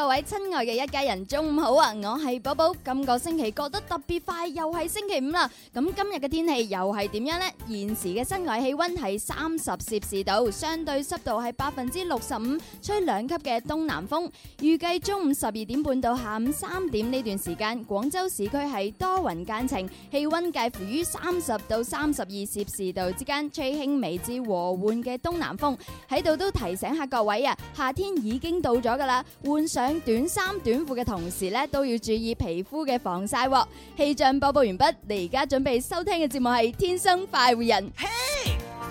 各位親愛嘅一家人，中午好啊！我係寶寶。今個星期過得特別快，又係星期五啦。咁今日嘅天氣又係點樣咧？現時嘅室外氣溫係三十攝氏度，相對濕度係百分之六十五，吹兩級嘅東南風。預計中午十二點半到下午三點呢段時間，廣州市區係多雲間晴，氣溫介乎於三十到三十二攝氏度之間，吹輕微至和緩嘅東南風。喺度都提醒下各位啊，夏天已經到咗噶啦，換上。短衫短褲嘅同時咧，都要注意皮膚嘅防曬。氣象播報完畢，你而家準備收聽嘅節目係《天生快活人》。嘿，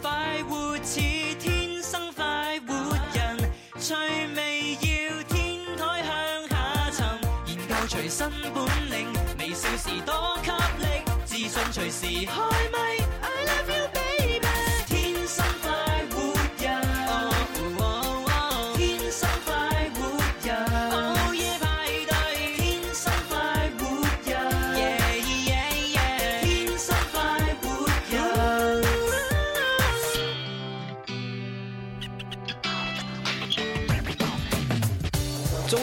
快活似天生快活人，趣味要天台向下沉，研究隨身本領，微笑時多給力，自信隨時開麥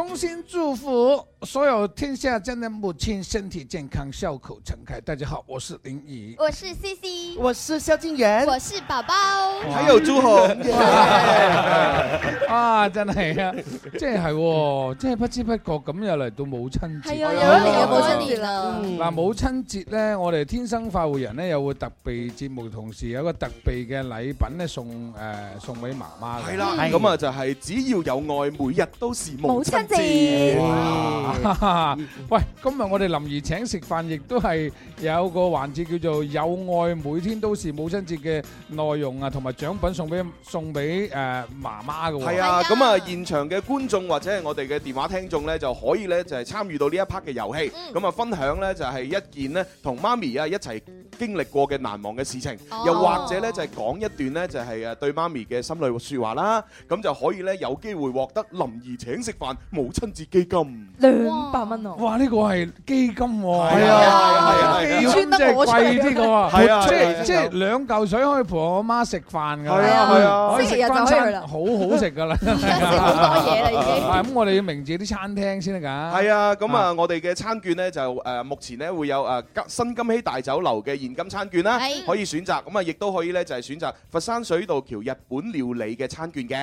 衷心祝福所有天下間的母親身體健康、笑口常開。大家好，我是林怡，我是 C C，我是蕭敬員，我是寶寶，還有朱紅。啊，真係啊，即係，即係不知不覺咁又嚟到母親節，係啊，有一年又冇一年啦。嗱，母親節咧，我哋天生快活人咧有會特別節目，同時有個特別嘅禮品咧送誒送俾媽媽係啦，係咁啊就係只要有愛，每日都是母親。知哇！喂，今日我哋林怡請食飯，亦都係有個環節叫做有愛，每天都是母親節嘅內容啊，同埋獎品送俾送俾誒媽媽嘅。係啊，咁啊，現場嘅觀眾或者係我哋嘅電話聽眾呢，就可以呢就係參與到呢一 part 嘅遊戲，咁啊分享呢就係一件呢同媽咪啊一齊經歷過嘅難忘嘅事情，又或者呢就係講一段呢就係誒對媽咪嘅心裏說話啦，咁就可以呢有機會獲得林怡請食飯。母親節基金兩百蚊哦！哇！呢個係基金喎，係啊係啊，要穿得貴啲噶嘛，即係即係兩嚿水可以陪我媽食飯㗎，係啊係啊，可以食翻餐好好食㗎啦，食好多嘢啦已經。係咁，我哋要明住啲餐廳先得㗎。係啊，咁啊，我哋嘅餐券咧就誒目前咧會有誒新金禧大酒樓嘅現金餐券啦，可以選擇。咁啊，亦都可以咧就係選擇佛山水道橋日本料理嘅餐券嘅。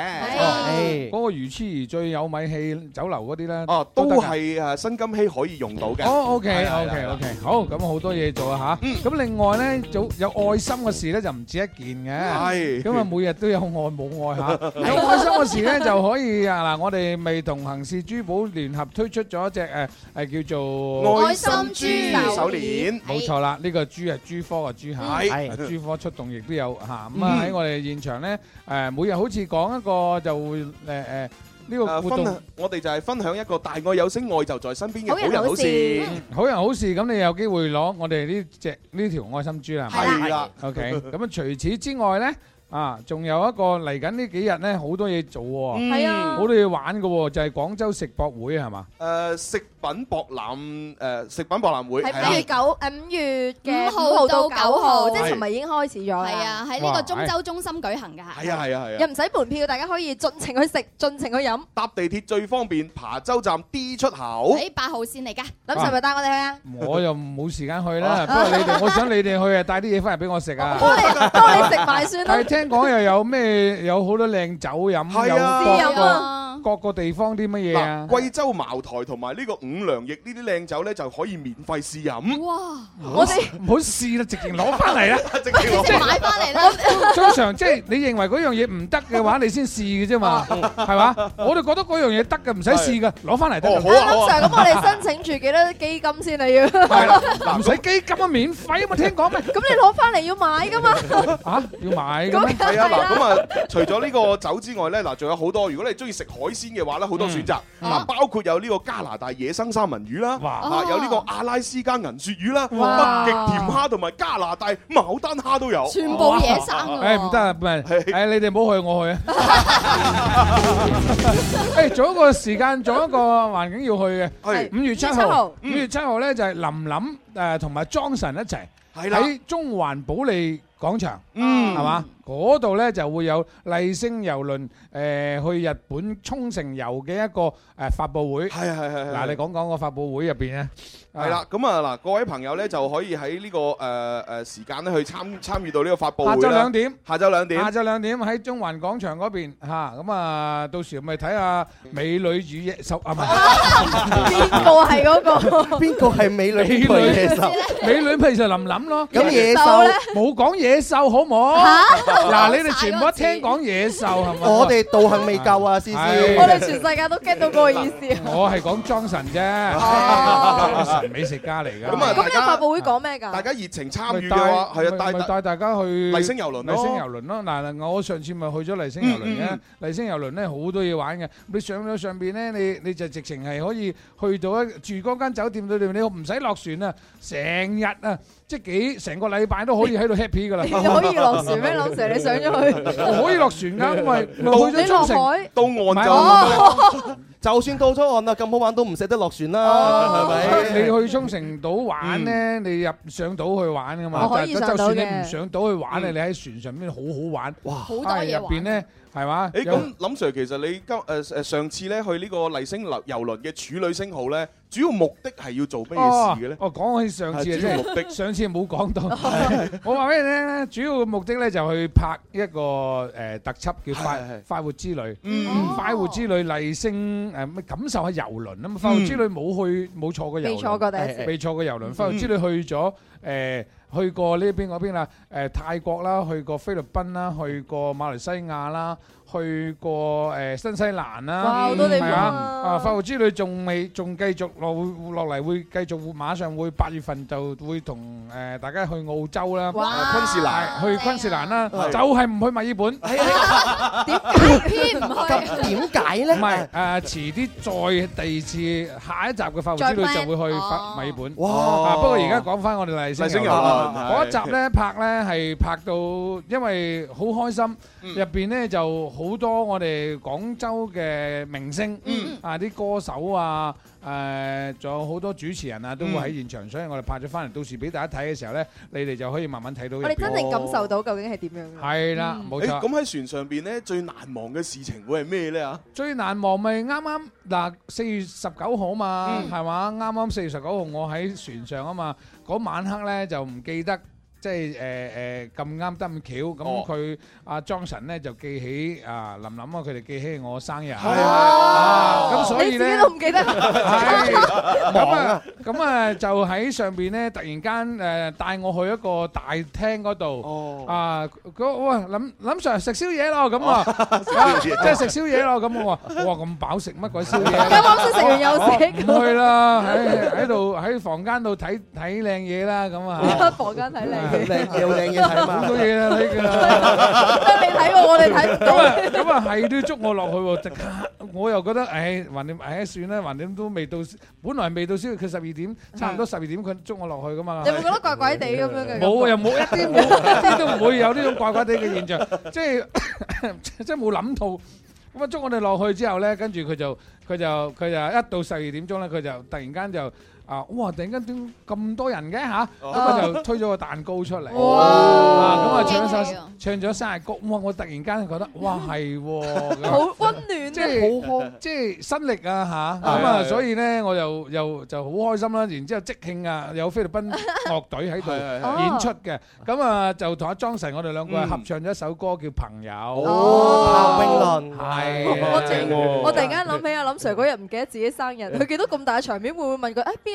嗰個魚翅最有米氣。酒樓嗰啲咧，哦，都係啊，新金禧可以用到嘅。哦，OK，OK，OK，好，咁好多嘢做啊嚇。嗯，咁另外咧，做有愛心嘅事咧就唔止一件嘅。係，咁啊，每日都有愛冇愛嚇。有愛心嘅事咧就可以啊嗱，我哋未同行事珠寶聯合推出咗一隻誒誒叫做愛心珠手鏈，冇錯啦。呢個珠啊，珠科啊，珠蟹係珠科出動，亦都有嚇。咁啊喺我哋現場咧誒，每日好似講一個就會誒誒。呢個活動，啊，分我哋就係分享一個大愛有聲，愛就在身邊嘅好人好事。好人好事，咁你有機會攞我哋呢隻呢條愛心珠啦，係啦。OK，咁啊除此之外咧。啊，仲有一個嚟緊呢幾日咧，好多嘢做喎，好多嘢玩㗎喎，就係廣州食博會係嘛？誒食品博覽誒食品博覽會係五月九誒五月五號到九號，即尋日已經開始咗？係啊，喺呢個中洲中心舉行㗎。係啊係啊係啊！又唔使門票，大家可以盡情去食，盡情去飲。搭地鐵最方便，琶洲站 D 出口。係八號線嚟㗎，諗係咪帶我哋去啊！我又冇時間去啦，不過你哋我想你哋去啊，帶啲嘢翻嚟俾我食啊，幫你食埋算啦。 聽講又有咩？有好多靚酒飲， 有歌。各個地方啲乜嘢啊？貴州茅台同埋呢個五糧液呢啲靚酒咧，就可以免費試飲。哇！我哋唔好試啦，直接攞翻嚟啦，直接買翻嚟啦。通常即係你認為嗰樣嘢唔得嘅話，你先試嘅啫嘛，係嘛？我哋覺得嗰樣嘢得嘅唔使試嘅，攞翻嚟得。好啊，咁我哋申請住幾多基金先啊？要係啦，唔使基金啊？免費啊嘛？聽講咩？咁你攞翻嚟要買噶嘛？嚇，要買嘅咩？係啊嗱，咁啊除咗呢個酒之外咧，嗱仲有好多。如果你中意食海，海鮮嘅話咧，好多選擇，嗱，包括有呢個加拿大野生三文魚啦，啊，有呢個阿拉斯加銀鱈魚啦，北極甜蝦同埋加拿大牡丹蝦都有，全部野生。誒，唔得啊，唔係，誒，你哋唔好去，我去啊。誒，仲有一個時間，仲有一個環境要去嘅，係五月七號，五月七號咧就係林林誒同埋莊臣一齊喺中環保利廣場，嗯，係嘛。嗰度咧就會有麗星郵輪誒去日本沖繩遊嘅一個誒發佈會。係啊係係係。嗱，你講講個發佈會入邊咧？係啦，咁啊，嗱，各位朋友咧就可以喺呢個誒誒時間咧去參參與到呢個發佈會啦。下晝兩點。下晝兩點。下晝兩點喺中環廣場嗰邊嚇，咁啊，到時咪睇下美女與野獸啊，唔係，邊個係嗰個？邊個係美女與野獸？美女譬如就林林咯。咁野獸咧？冇講野獸好唔好？嚇？嗱，你哋全部都聽講野獸，係咪？我哋道行未夠啊！思思，我哋全世界都 get 到嗰個意思。我係講莊神啫，神美食家嚟噶。咁啊，咁樣發佈會講咩噶？大家熱情參與嘅話，係啊，帶帶大家去麗星郵輪，麗星郵輪啦。嗱，我上次咪去咗麗星郵輪嘅，麗星郵輪咧好多嘢玩嘅。你上咗上邊咧，你你就直情係可以去到一住嗰間酒店度度，你唔使落船啊，成日啊。即幾成個禮拜都可以喺度 happy 噶啦！可以落船咩，林 Sir？你上咗去可以落船噶，因為到咗沖繩到岸就就算到咗岸啦，咁好玩都唔捨得落船啦，係咪？你去沖繩島玩咧，你入上島去玩噶嘛？就算你唔上島去玩咧，你喺船上邊好好玩，哇！好多嘢玩。入邊咧係嘛？誒咁，林 Sir 其實你今誒誒上次咧去呢個麗星遊輪嘅處女星號咧。主要目的係要做咩事嘅咧？我講起上次啊，即係目的，上次冇講到。我話俾你聽咧，主要目的咧就去拍一個誒特輯，叫《快快活之旅》。嗯，快活之旅，麗星誒咩感受下遊輪啊？嘛，快活之旅冇去冇坐過遊輪，未坐過嘅，未坐過遊輪。快活之旅去咗誒，去過呢邊嗰邊啦，泰國啦，去過菲律賓啦，去過馬來西亞啦。去過誒新西蘭啦，係啊！法國之旅仲未仲繼續落落嚟，會繼續馬上會八月份就會同誒大家去澳洲啦，昆士蘭去昆士蘭啦，就係唔去墨爾本，點解唔去？點解咧？唔係誒，遲啲再第二次下一集嘅法國之旅就會去墨爾本。哇！不過而家講翻我哋嚟先，嗰一集咧拍咧係拍到，因為好開心，入邊咧就好。好多我哋廣州嘅明星，啊啲歌手啊，誒仲有好多主持人啊，都會喺現場，所以我哋拍咗返嚟，到時俾大家睇嘅時候咧，你哋就可以慢慢睇到。我哋真係感受到究竟係點樣。係啦，冇錯。咁喺船上邊咧，最難忘嘅事情會係咩咧？嚇，最難忘咪啱啱嗱四月十九號嘛，係嘛？啱啱四月十九號我喺船上啊嘛，嗰晚黑咧就唔記得。即係誒誒咁啱得咁巧，咁佢阿 Johnson 咧就記起啊林林啊，佢哋記起我生日，咁所以咧，你啲都唔記得。咁啊咁啊，就喺上邊咧，突然間誒帶我去一個大廳嗰度，啊嗰哇林林 Sir 食宵夜咯咁啊，即係食宵夜咯咁喎，哇咁飽食乜鬼宵夜？啱啱先食完又食。去啦，喺喺度喺房間度睇睇靚嘢啦，咁啊，喺房間睇靚。靚要靚嘢睇嘛，好 多嘢啊呢個！你睇過我哋睇唔到，咁啊咁啊係都要捉我落去喎！即刻我又覺得，誒，橫掂誒算啦，橫掂都未到，本來未到宵，佢十二點，差唔多十二點，佢捉我落去噶嘛。你會覺得怪怪地咁樣嘅？冇啊， 又冇一啲，一啲都唔會有呢種怪怪地嘅現象，即係即係冇諗到咁啊！捉我哋落去之後咧，跟住佢就佢就佢就一到十二點鐘咧，佢就突然間就。啊！哇！突然間點咁多人嘅嚇，咁啊就推咗個蛋糕出嚟。哇！咁啊唱一首唱咗生日歌，哇！我突然間覺得哇係，好溫暖，即係好開，即係心力啊嚇。咁啊，所以咧我又又就好開心啦。然之後即興啊，有菲律賓樂隊喺度演出嘅，咁啊就同阿莊臣我哋兩個合唱咗一首歌叫《朋友》。哦，彭永倫係，我我突然間諗起阿林 Sir 嗰日唔記得自己生日，佢見到咁大場面，會唔會問佢誒邊？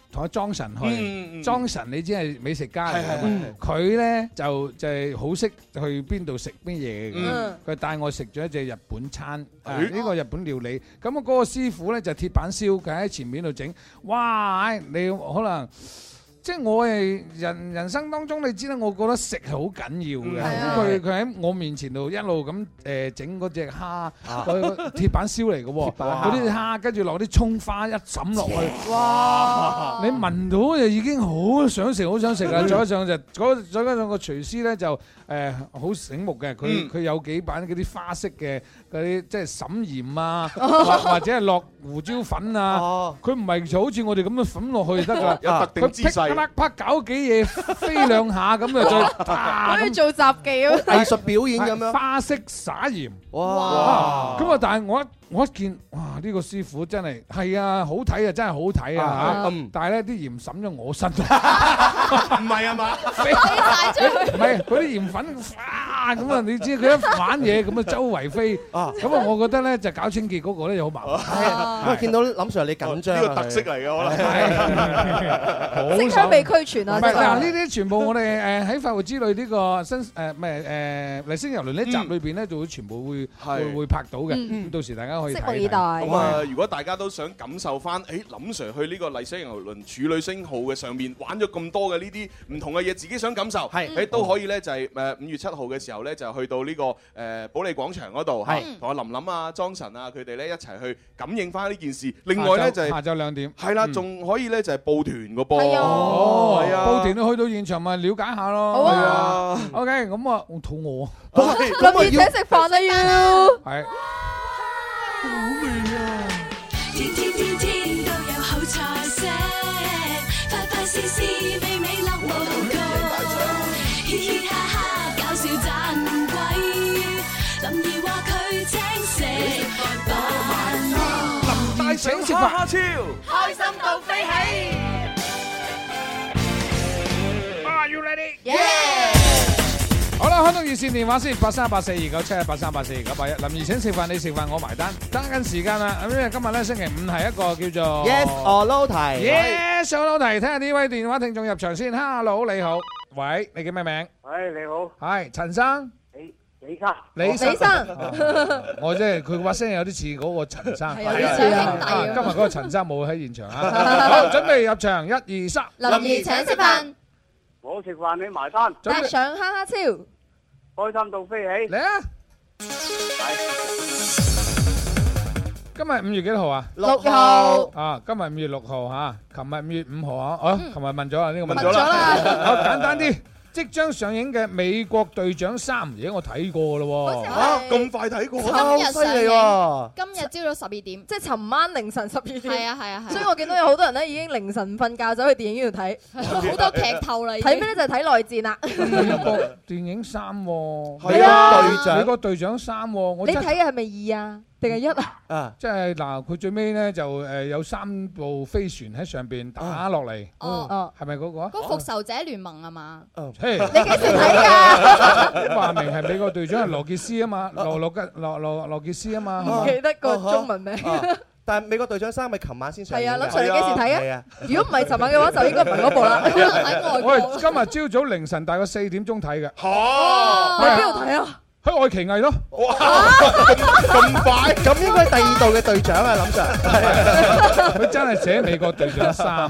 同阿莊臣去，嗯、莊臣你知係美食家嚟嘅，佢咧就就係好識去邊度食邊嘢，佢帶我食咗一隻日本餐，呢、嗯啊呢個日本料理。咁啊，嗰個師傅咧就鐵板燒，佢喺前面度整。哇！你可能～即係我係人人生當中，你知啦，我覺得食係好緊要嘅。佢佢喺我面前度一路咁誒整嗰隻蝦，佢、啊、鐵板燒嚟嘅喎，嗰啲蝦跟住落啲葱花一揼落去，哇！ 你聞到就已經好想食，好想食啦！再加上就、嗰個、再加上、嗰個廚師咧就。誒好、欸、醒目嘅，佢佢有幾版嗰啲花式嘅嗰啲，即係沈鹽啊， 或者係落胡椒粉啊，佢唔係就好似我哋咁樣粉落去得㗎，有特定姿勢，啪啪搞幾嘢飛兩下咁，又再可以做雜技咯、啊啊，藝術表演咁樣、啊、花式撒鹽，哇！咁啊，但係我。我一見，哇！呢個師傅真係係啊，好睇啊，真係好睇啊嚇！但係咧啲鹽滲咗我身，唔係啊嘛，飛大咗，唔係嗰啲鹽粉咁啊！你知佢一反嘢咁啊，周圍飛啊咁啊！我覺得咧就搞清潔嗰個咧就好麻煩。我見到林 sir 你緊張，呢個特色嚟嘅，我覺得。色香味俱全啊！嗱，呢啲全部我哋誒喺《快活之旅》呢個新誒咩誒《麗星郵輪》呢集裏邊咧，就會全部會會會拍到嘅。到時大家。拭目以待。咁啊，如果大家都想感受翻，哎，林 Sir 去呢個麗星郵輪處女星號嘅上面玩咗咁多嘅呢啲唔同嘅嘢，自己想感受，係，哎，都可以咧就係，誒，五月七號嘅時候咧就去到呢個誒保利廣場嗰度，係同阿林琳、啊、莊臣啊佢哋咧一齊去感應翻呢件事。另外咧就係下晝兩點，係啦，仲可以咧就係報團噶噃，係啊，報團都去到現場咪了解下咯。係啊。OK，咁啊，我肚餓，咁啊要食飯啦要。係。好味啊！天天天天都有好彩色，快快事事美美樂無窮。嘻嘻哈哈搞笑盞鬼，林怡話佢青蛇扮。林大想食叉燒，開心到飛起。開通熱線電話先，八三八四二九七一八三八四二九八一。林怡，請食飯，你食飯我埋單。等緊時間啦，因為今日咧星期五係一個叫做 Yes or No 題。Yes or No 題，聽下呢位電話聽眾入場先。Hello，你好。喂，你叫咩名？喂，你好。係陳生。李李生。李生。我即係佢把聲有啲似嗰個陳生。係有啲似啊。今日嗰個陳生冇喺現場啊。好，準備入場，一二三。林怡，請食飯。我食飯，你埋單。帶上哈哈笑。開心到飛起！嚟啊！今日五月幾號啊？六號。啊，今日五月六號吓，琴日五月五號啊，哦，琴日問咗啊，呢個問咗啦。好，簡單啲。即將上映嘅《美國隊長三》已經我睇過咯，嚇咁快睇過啊！好犀利啊！今日朝早十二點，七即係尋晚凌晨十二點。係啊係啊係！啊所以我見到有好多人咧已經凌晨瞓覺走去電影院度睇，好、啊啊啊、多劇透啦！睇咩咧，就係睇內戰啦，啊、 電影三喎、啊，啊、美國隊長三你睇嘅係咪二啊？定係一啊！啊，即係嗱，佢最尾咧就誒有三部飛船喺上邊打落嚟。哦哦，係咪嗰個？嗰個復仇者聯盟啊嘛，嘿，你幾時睇噶？啲話明係美國隊長係羅傑斯啊嘛，羅羅羅羅羅羅傑斯啊嘛，唔記得個中文名。但係美國隊長三咪琴晚先上？係啊，諗住你幾時睇啊？如果唔係琴晚嘅話，就應該唔係嗰部啦。睇外國。我係今日朝早凌晨大概四點鐘睇嘅。哦，你喺邊度睇啊？喺愛奇藝咯，哇！咁快，咁 應該第二度嘅隊長啊，林 Sir，佢 真係寫美國隊長三啊！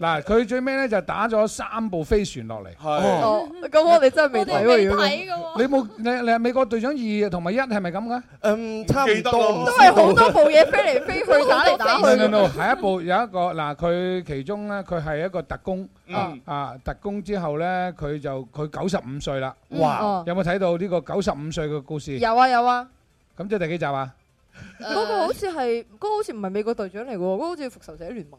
嗱，佢最尾咧就打咗三部飛船落嚟。係，咁我哋真係未睇喎。你冇你你美國隊長二同埋一係咪咁噶？嗯，差唔多。都係好多部嘢飛嚟飛去，打嚟打去。No no no，下一部有一個嗱，佢其中咧，佢係一個特工。嗯啊，特工之後咧，佢就佢九十五歲啦。哇！有冇睇到呢個九十五歲嘅故事？有啊有啊。咁即係第幾集啊？嗰個好似係，嗰個好似唔係美國隊長嚟嘅喎，嗰個好似復仇者聯盟。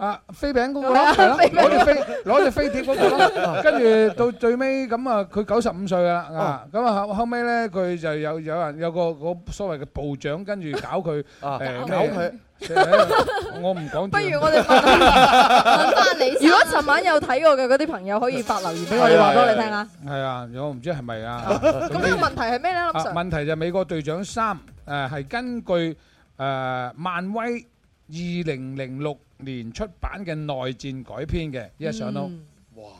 啊，飛餅嗰個咯，係咯，攞住飛攞住飛碟嗰個咯，跟住到最尾咁啊，佢九十五歲啦，啊，咁啊後後尾咧佢就有有人有個個所謂嘅部長跟住搞佢誒咩？我唔講。不如我哋問翻你。如果尋晚有睇過嘅嗰啲朋友可以發留言俾我哋話多你聽話俾你聽啦。係啊，我唔知係咪啊？咁呢個問題係咩咧？諗實問題就係美國隊長三誒係根據誒漫威。二零零六年出版嘅內戰改編嘅，一上到，哇！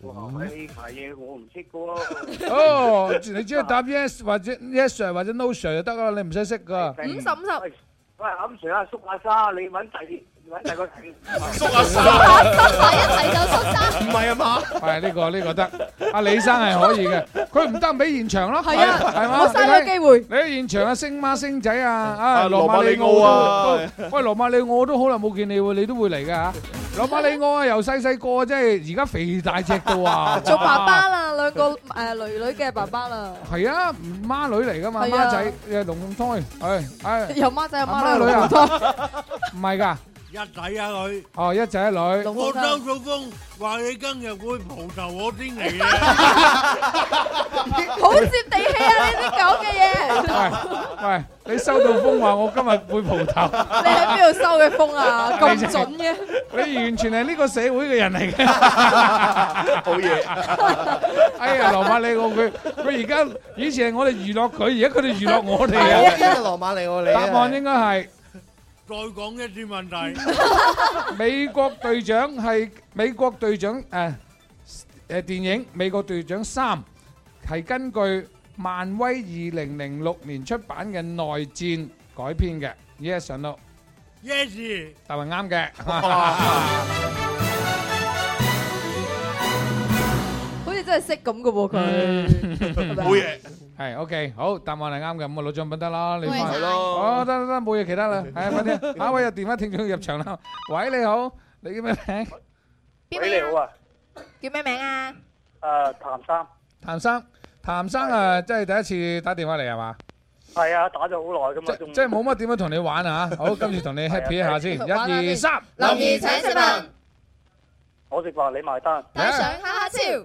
哇！呢排嘢我唔識㗎囉。哦，你只要答 yes 或者 yes sir 或者 no sir 就得㗎啦，你唔使識噶。五十五十，喂，阿 Sam 阿叔阿生，你揾底。揾細個睇，蘇生，一齊就蘇生。唔係啊嘛，係呢個呢個得。阿李生係可以嘅，佢唔得唔俾現場咯。係啊，係嘛，我嘥咗機會。你喺現場啊，星媽、星仔啊，啊羅馬里奧啊，喂羅馬里奧我都好耐冇見你，你都會嚟噶。羅馬里奧我啊，由細細個，即係而家肥大隻到啊。做爸爸啦，兩個誒女女嘅爸爸啦。係啊，孖女嚟噶嘛？孖仔誒龍鳳胎，係係。有孖仔啊？孖女啊？唔係噶。一仔一女哦，一仔一女。我收到風，話你今日會蒲頭，我先嚟啊！好接地氣啊，呢啲講嘅嘢。喂喂，你收到風話我今日會蒲頭？你喺邊度收嘅風啊？咁準嘅？你完全係呢個社會嘅人嚟嘅。好嘢啊！哎呀，羅馬里奧佢佢而家以前係我哋娛樂佢，而家佢哋娛樂我哋啊！羅馬里奧，答案應該係。再講一啲問題。美國隊長係美國隊長，誒誒，電影《美國隊長三》係根據漫威二零零六年出版嘅《內戰》改編嘅。Yes or no？Yes，但係啱嘅，好似真係識咁噶喎佢。好嘢。係 OK，好，答案係啱嘅，咁我攞獎品得啦，你返去咯，哦得得得，冇嘢，其他啦，係快啲，下一位有電話聽眾入場啦，喂，你好，你叫咩名？邊位啊？叫咩名啊？誒，譚生。譚生，譚生啊，即係第一次打電話嚟係嘛？係啊，打咗好耐噶嘛，即即係冇乜點樣同你玩啊？好，今次同你 happy 一下先，一二三，林儀請食飯，我食飯你埋單，帶上哈哈笑。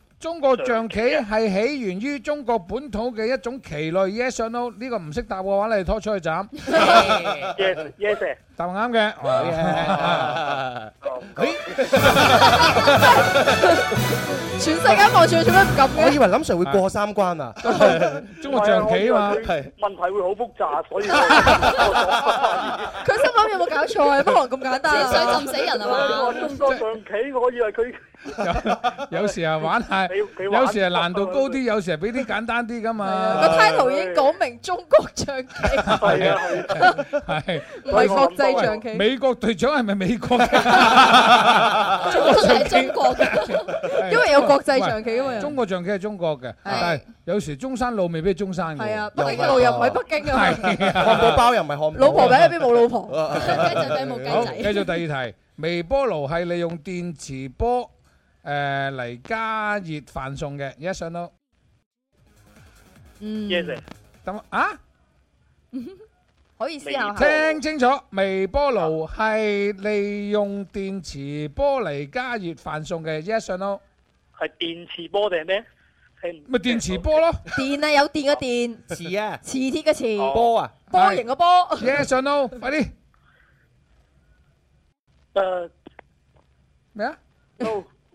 中國象棋係起源於中國本土嘅一種棋類。Yes or no？呢個唔識答嘅話，你哋拖出去斬。Yes，yes，答啱嘅。全世界望住佢做咩唔撳嘅？我以為林 Sir 會過三關啊。中國象棋啊嘛，問題會好複雜，所以佢心諗有冇搞錯啊？不可能咁簡單。你想浸死人啊嘛？我話中國象棋，我以為佢。有有時啊玩下，有時啊難度高啲，有時啊俾啲簡單啲噶嘛。個 title 已經講明中國象棋，係係唔係國際象棋？美國隊長係咪美國嘅？中國係中國嘅，因為有國際象棋啊嘛。中國象棋係中國嘅，但係有時中山路未必係中山嘅。係啊，北京路又唔係北京嘅。漢堡包又唔係漢堡。老婆餅入邊冇老婆，雞仔餅冇雞仔。好，繼續第二題。微波爐係利用電磁波。誒，嚟加熱飯餸嘅，yes or no，嗯，yes，咁啊，可以試下聽清楚，微波爐係利用電磁波嚟加熱飯餸嘅，yes or no，係電磁波定係咩？係咪電磁波咯？電啊，有電嘅電，磁啊，磁鐵嘅磁，波啊，波形嘅波，yes or no，快啲，誒咩？哦。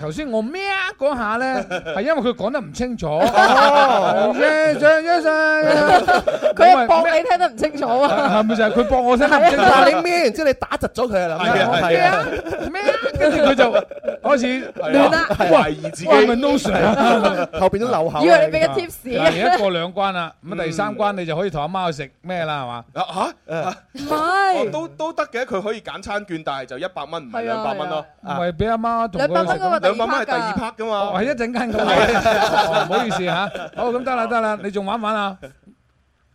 頭先我咩啊？嗰下咧，係因為佢講得唔清楚。唓，張張，佢搏你聽得唔清楚啊？係咪就係佢搏我先啦？你咩？然之後你打窒咗佢啦？係啊，係啊。咩啊？咩啊？跟住佢就開始亂啦，懷疑自己。後邊都流口。以為你俾個 tips 嘅。而家過兩關啦，咁第三關你就可以同阿媽去食咩啦？係嘛？啊？唔係。都都得嘅，佢可以揀餐券，但係就一百蚊唔係兩百蚊咯。咪俾阿媽同佢食。兩百蚊係第二 part 噶嘛，係一陣間咁嚟，唔好意思嚇。好，咁得啦得啦，你仲玩唔玩啊？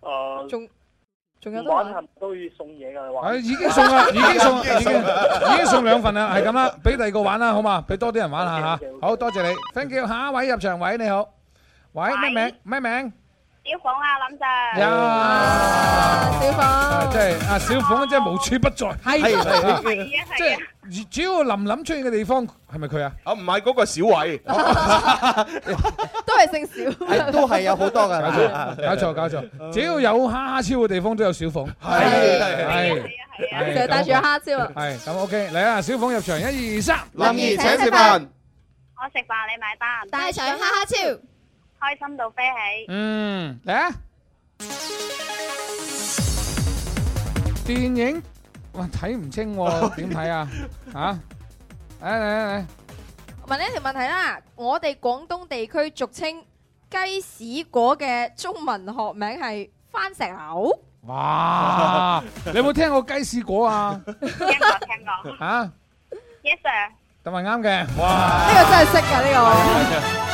啊，仲仲有玩係咪都要送嘢㗎？係已經送啦，已經送，已經已經送兩份啦，係咁啦，俾第二個玩啦，好嘛？俾多啲人玩下嚇。好多謝你，thank you。下一位入場位你好，喂，咩名咩名？小鳳啊，林 Sir，呀，小鳳，即係阿小鳳，真係無處不在，係係即係主要林林出現嘅地方，係咪佢啊？啊，唔係，嗰個小偉，都係姓小，都係有好多嘅，搞錯搞錯搞錯，只要有蝦超嘅地方都有小鳳，係係，就帶住個蝦超啊，係咁 OK，嚟啊，小鳳入場，一二三，林二，請食飯，我食飯你買單，帶上蝦超。開心到飛起！嗯，嚟啊！電影哇睇唔清，點睇啊？吓！嚟嚟嚟！問你一條問題啦，我哋廣東地區俗稱雞屎果嘅中文學名係番石榴。哇！你有冇聽過雞屎果啊？聽過聽過。啊？Yes sir。咁係啱嘅。哇！呢個真係識噶呢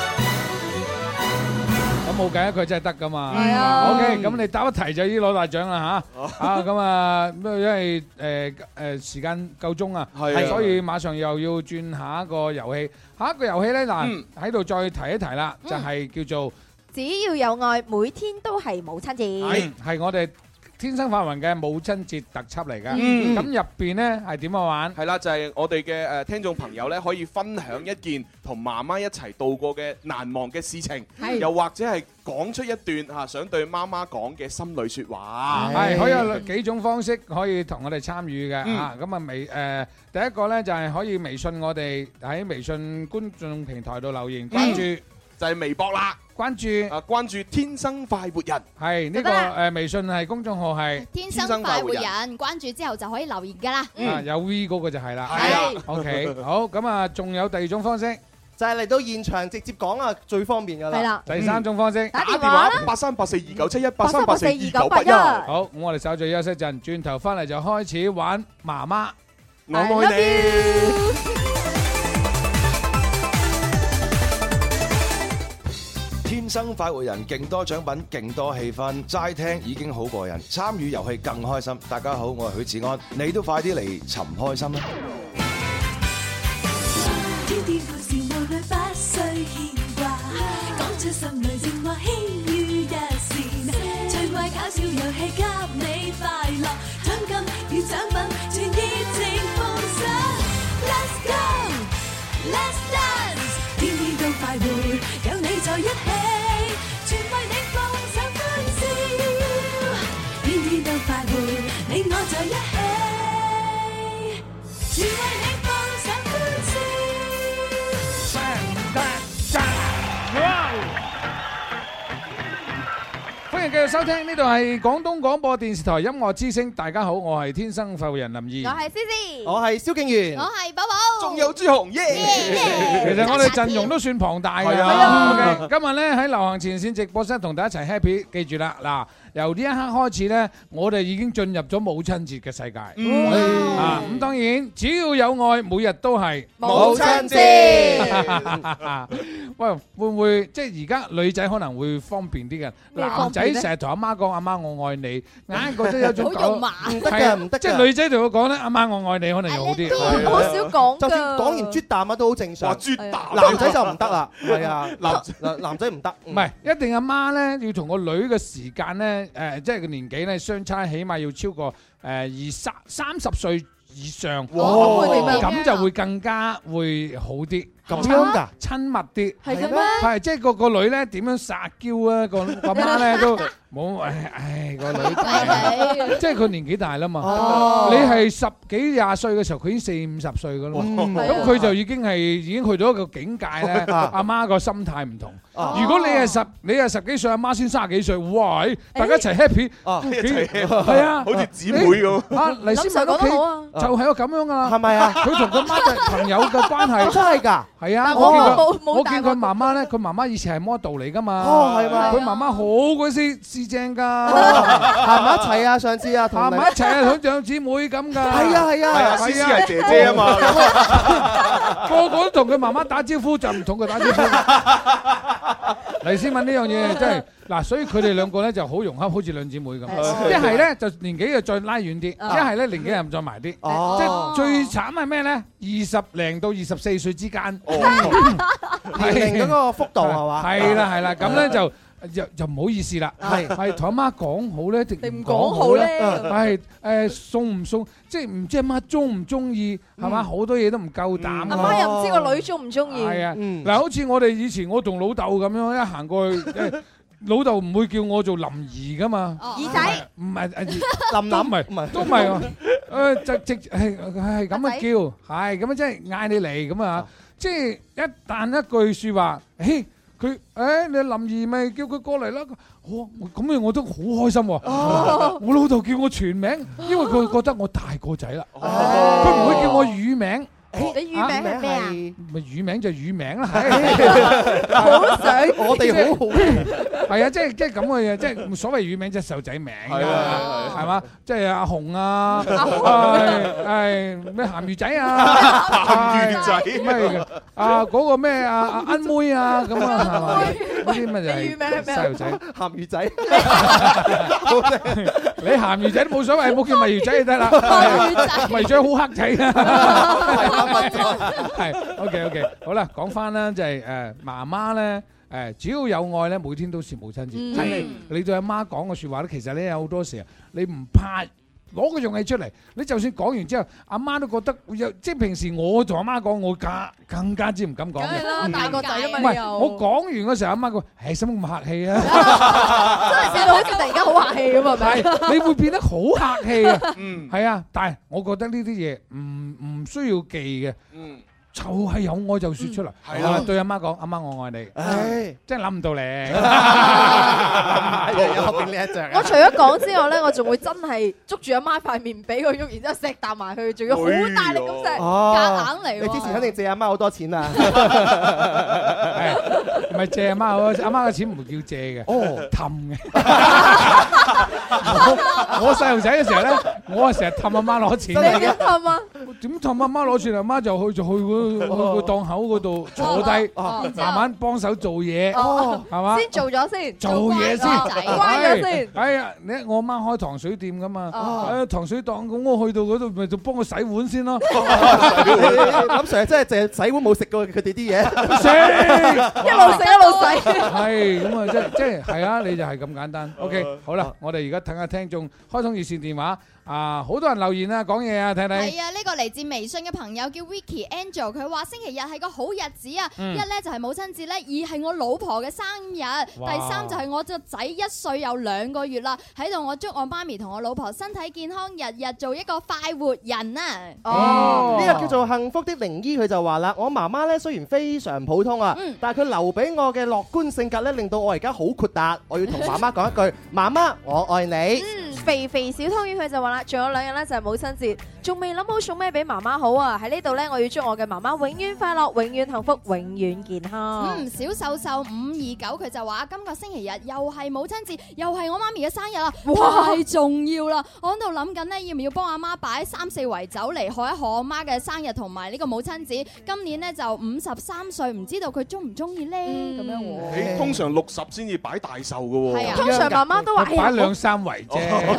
個。冇計啊！佢真係得噶嘛？係啊。OK，咁你答一題就已經攞大獎啦吓。啊，咁啊，因為誒誒時間夠鐘啊，係，所以馬上又要轉下一個遊戲。下一個遊戲咧嗱，喺度再提一提啦，就係叫做只要有愛，每天都係母親節。係，係我哋。天生發明嘅母親節特輯嚟㗎，咁入邊呢係點樣玩？係啦，就係、是、我哋嘅誒聽眾朋友呢，可以分享一件同媽媽一齊度過嘅難忘嘅事情，嗯、又或者係講出一段嚇想對媽媽講嘅心裏説話。係、嗯，可以有幾種方式可以同我哋參與嘅嚇，咁、嗯、啊微誒、呃、第一個呢，就係、是、可以微信我哋喺微信觀眾平台度留言，關注就係微博啦。關注啊！關注天生快活人係呢個誒微信係公眾號係天生快活人，關注之後就可以留言噶啦。嗯，有 V 嗰個就係啦。係，OK，好咁啊，仲有第二種方式，就係嚟到現場直接講啊，最方便噶啦。係啦。第三種方式打電話八三八四二九七一八三八四二九八一。好，我哋稍作休息一陣，轉頭翻嚟就開始玩媽媽，我愛你。生快活人，勁多獎品，勁多氣氛，齋聽已經好過癮，參與遊戲更開心。大家好，我係許志安，你都快啲嚟尋開心啦！天天歡笑無奈不須牽掛，講出心內情話輕於一線，最怪搞笑遊戲給你。繼續收聽呢度係廣東廣播電視台音樂之聲，大家好，我係天生快活人林怡、e，我係 C C，我係蕭敬儀，我係寶寶，仲有朱紅，耶、yeah!！Yeah! 其實我哋陣容都算龐大噶。 啊、okay, 今日咧喺流行前線直播室同大家一齊 happy，記住啦，嗱。由呢一刻開始咧，我哋已經進入咗母親節嘅世界。嗯，啊，咁當然只要有愛，每日都係母親節。喂，會唔會即係而家女仔可能會方便啲嘅？男仔成日同阿媽講：阿媽，我愛你。硬係覺得有種肉麻嘅，唔得。即係女仔同佢講咧：阿媽，我愛你，可能又好啲。都好少講。就算講完啜啖啊，都好正常。哇！啜啖男仔就唔得啦，係啊，男男男仔唔得。唔係一定阿媽咧，要同個女嘅時間咧。誒、呃，即係個年紀咧，相差起碼要超過誒、呃、二三三十歲以上，咁、哦哦、就會更加會好啲。咁樣㗎，親密啲，係咁啦，係即係個個女咧點樣撒嬌啊？個阿媽咧都冇，唉唉個女，即係佢年紀大啦嘛。哦，你係十幾廿歲嘅時候，佢已經四五十歲噶啦，咁佢就已經係已經去到一個境界咧。阿媽個心態唔同。哦，如果你係十你係十幾歲，阿媽先三十幾歲，喂！大家一齊 happy，一齊 happy，係啊，好似姊妹咁。阿黎思文屋企就係個咁樣啊，係咪啊？佢同個媽就係朋友嘅關係，真係㗎。係啊，我見佢，我見佢媽媽咧，佢媽媽以前係 model 嚟噶嘛。哦，係佢媽媽好鬼斯斯正噶，行埋一齊啊，上次啊，行埋一齊啊，像兩姊妹咁噶。係啊，係啊，師師係姐姐啊嘛。個個都同佢媽媽打招呼，就唔同佢打招呼。黎思敏呢樣嘢真係。嗱，所以佢哋兩個咧就好融洽，好似兩姊妹咁。一係咧就年紀又再拉遠啲，一係咧年紀又唔再埋啲。即係最慘係咩咧？二十零到二十四歲之間，零嗰個幅度係嘛？係啦係啦，咁咧就又又唔好意思啦，係係同阿媽講好咧定唔講好咧？係誒，送唔送？即係唔知阿媽中唔中意係嘛？好多嘢都唔夠膽。阿媽又唔知個女中唔中意。係啊，嗱，好似我哋以前我同老竇咁樣一行過去。老豆唔會叫我做林兒㗎嘛。兒仔唔係林林，唔係都唔係，誒、 呃、直係係係咁樣叫，係咁體樣即係嗌你嚟咁啊！即係一旦一句説話，嘿佢誒你林兒咪叫佢過嚟咯。我、哦、咁樣我都好開心喎、啊！哦、我老豆叫我全名，因為佢覺得我大個仔啦，佢唔、哦、會叫我乳名。你乳名係咩啊？咪乳名就乳名啦，傻仔，我哋好好嘅。係啊，即係即係咁嘅嘢，即係所謂乳名即係細路仔名噶啦，係嘛？即係阿紅啊，係咩鹹魚仔啊？鹹魚仔咩嘅？阿嗰個咩啊？阿阿妹啊？咁啊？係嘛？嗰啲乜嘢？細路仔鹹魚仔。你鹹魚仔都冇所謂，冇叫迷魚仔就得啦。迷嘴好黑仔啊！係，OK OK，好啦，講翻啦，就係、是、誒，媽媽咧，誒，只要有愛咧，每天都是母親節。你、mm. 你對阿媽講嘅說話咧，其實咧有好多時候你唔怕。攞個勇氣出嚟，你就算講完之後，阿媽，媽都覺得有，即係平時我同阿媽講，我加更加之唔敢講嘢。梗係啦，大個仔啊嘛又。唔係，我講完嗰時候，阿媽講：唉，使乜咁客氣啊 哈哈？真係寫到好似突然間好客氣咁啊！係， 你會變得好客氣。嗯，係啊，但係我覺得呢啲嘢唔唔需要記嘅。嗯。就係有愛就説出來，對阿媽講：阿媽，媽我愛你。唉，哎、真係諗唔到你，啊我。我除咗講之外咧，我仲會真係捉住阿媽塊面，俾佢喐，然之後錫彈埋佢，仲要好大力咁錫隔硬嚟，啊。你之前肯定借阿媽好多錢啦，啊。 哎係借阿媽，阿媽嘅錢唔會叫借嘅，哦氹嘅。我細路仔嘅時候咧，我啊成日氹阿媽攞錢。點氹阿媽攞錢？阿媽就去就去嗰個檔口嗰度坐低，慢慢幫手做嘢，係嘛？先做咗先，做嘢先，乖咗先。係啊，你我阿媽開糖水店噶嘛，糖水檔咁，我去到嗰度咪就幫佢洗碗先咯。咁成日真係淨係洗碗冇食過佢哋啲嘢，一路食。一路使，係咁啊！即即係啊！你就係咁簡單。OK，好啦，啊、我哋而家等下聽眾開通熱線電話啊！好多人留言啊，講嘢啊，睇睇。係啊，呢個嚟自微信嘅朋友叫 Vicky Angel，佢話星期日係個好日子啊！嗯、一咧就係母親節咧，二係我老婆嘅生日，哇第三就係我個仔一歲有兩個月啦，喺度我祝我媽咪同我老婆身體健康，日日做一個快活人啊！嗯、哦、呢、嗯、個叫做幸福的靈醫，佢就話啦，我媽媽咧雖然非常普通啊，但係佢留俾我。我嘅樂觀性格咧，令到我而家好豁達，我要同媽媽講一句：媽媽，我愛你。肥肥小湯圓佢就話啦，仲有兩日呢，就係、是、母親節，仲未諗好送咩俾媽媽好啊！喺呢度呢，我要祝我嘅媽媽永遠快樂、永遠幸福、永遠健康。嗯，小瘦瘦五二九佢就話，今個星期日又係母親節，又係我媽咪嘅生日啦，哇太重要啦！我喺度諗緊呢，要唔要幫阿媽擺三四圍酒嚟賀一賀阿媽嘅生日同埋呢個母親節？今年呢，就五十三歲，唔知道佢鍾唔鍾意呢。咁、嗯、樣喎、哦，你通常六十先至擺大壽噶喎，啊、通常媽媽都話擺兩三圍啫。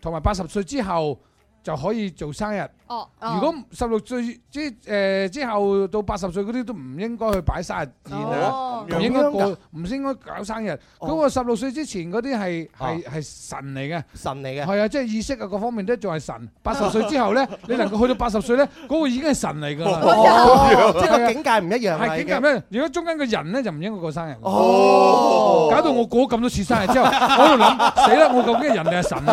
同埋八十歲之後，就可以做生日。哦，如果十六歲即係誒之後到八十歲嗰啲都唔應該去擺生日宴啦，唔應該過，唔應該搞生日。嗰個十六歲之前嗰啲係係係神嚟嘅，神嚟嘅，係啊，即係意識啊各方面都仲係神。八十歲之後咧，你能夠去到八十歲咧，嗰個已經係神嚟噶啦，即係個境界唔一樣。係境界咩？如果中間嘅人咧，就唔應該過生日。哦，搞到我過咁多次生日之後，我喺度諗死啦！我究竟係人定係神？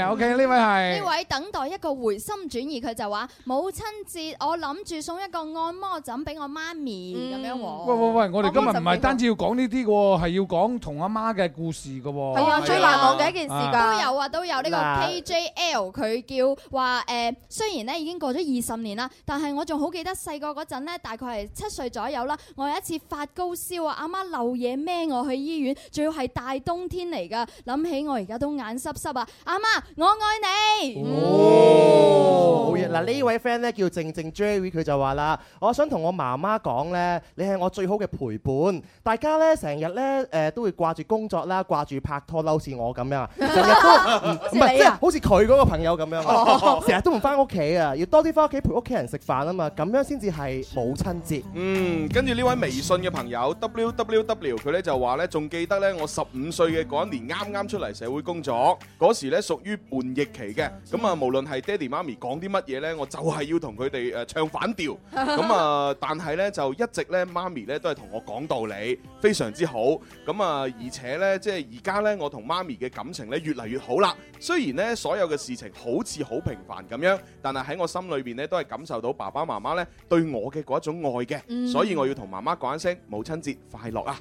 O.K. 呢位係呢位等待一個回心轉意，佢就話母親節我諗住送一個按摩枕俾我媽咪咁、嗯、樣、哦喂。喂喂喂，摩我哋今日唔係單止要講呢啲嘅，係要講同阿媽嘅故事嘅、哦。係啊，最難忘嘅一件事噶、啊，都有啊，都有呢個 K J L，佢叫話誒、呃，雖然咧已經過咗二十年啦，但係我仲好記得細個嗰陣呢，大概係七歲左右啦。我有一次發高燒，阿、啊、媽漏嘢孭我去醫院，仲要係大冬天嚟噶。諗起我而家都眼濕濕啊，阿媽。我愛你。哦，哦好嘢！嗱，呢位 friend 咧叫靜靜 Jerry，佢就話啦：我想同我媽媽講咧，你係我最好嘅陪伴。大家咧成日咧誒都會掛住工作啦，掛住拍拖，嬲似我咁樣，成日都唔係，即係好似佢個朋友咁樣，成日、 哦、都唔翻屋企啊，要多啲翻屋企陪屋企人食飯啊嘛，咁樣先至係母親節。嗯，跟住呢位微信嘅朋友 www，佢咧就話咧仲記得咧我十五歲嘅嗰一年，啱啱出嚟社會工作嗰時咧屬於。於叛逆期嘅。咁啊，無論係爹哋媽咪講啲乜嘢呢，我就係要同佢哋誒唱反調，咁啊， 但係呢，就一直呢，媽咪呢都係同我講道理，非常之好，咁啊，而且呢，即係而家呢，我同媽咪嘅感情呢越嚟越好啦。雖然呢，所有嘅事情好似好平凡咁樣，但係喺我心裏邊呢，都係感受到爸爸媽媽呢對我嘅嗰一種愛嘅。嗯、哼所以我要同媽媽講一聲母親節快樂啊！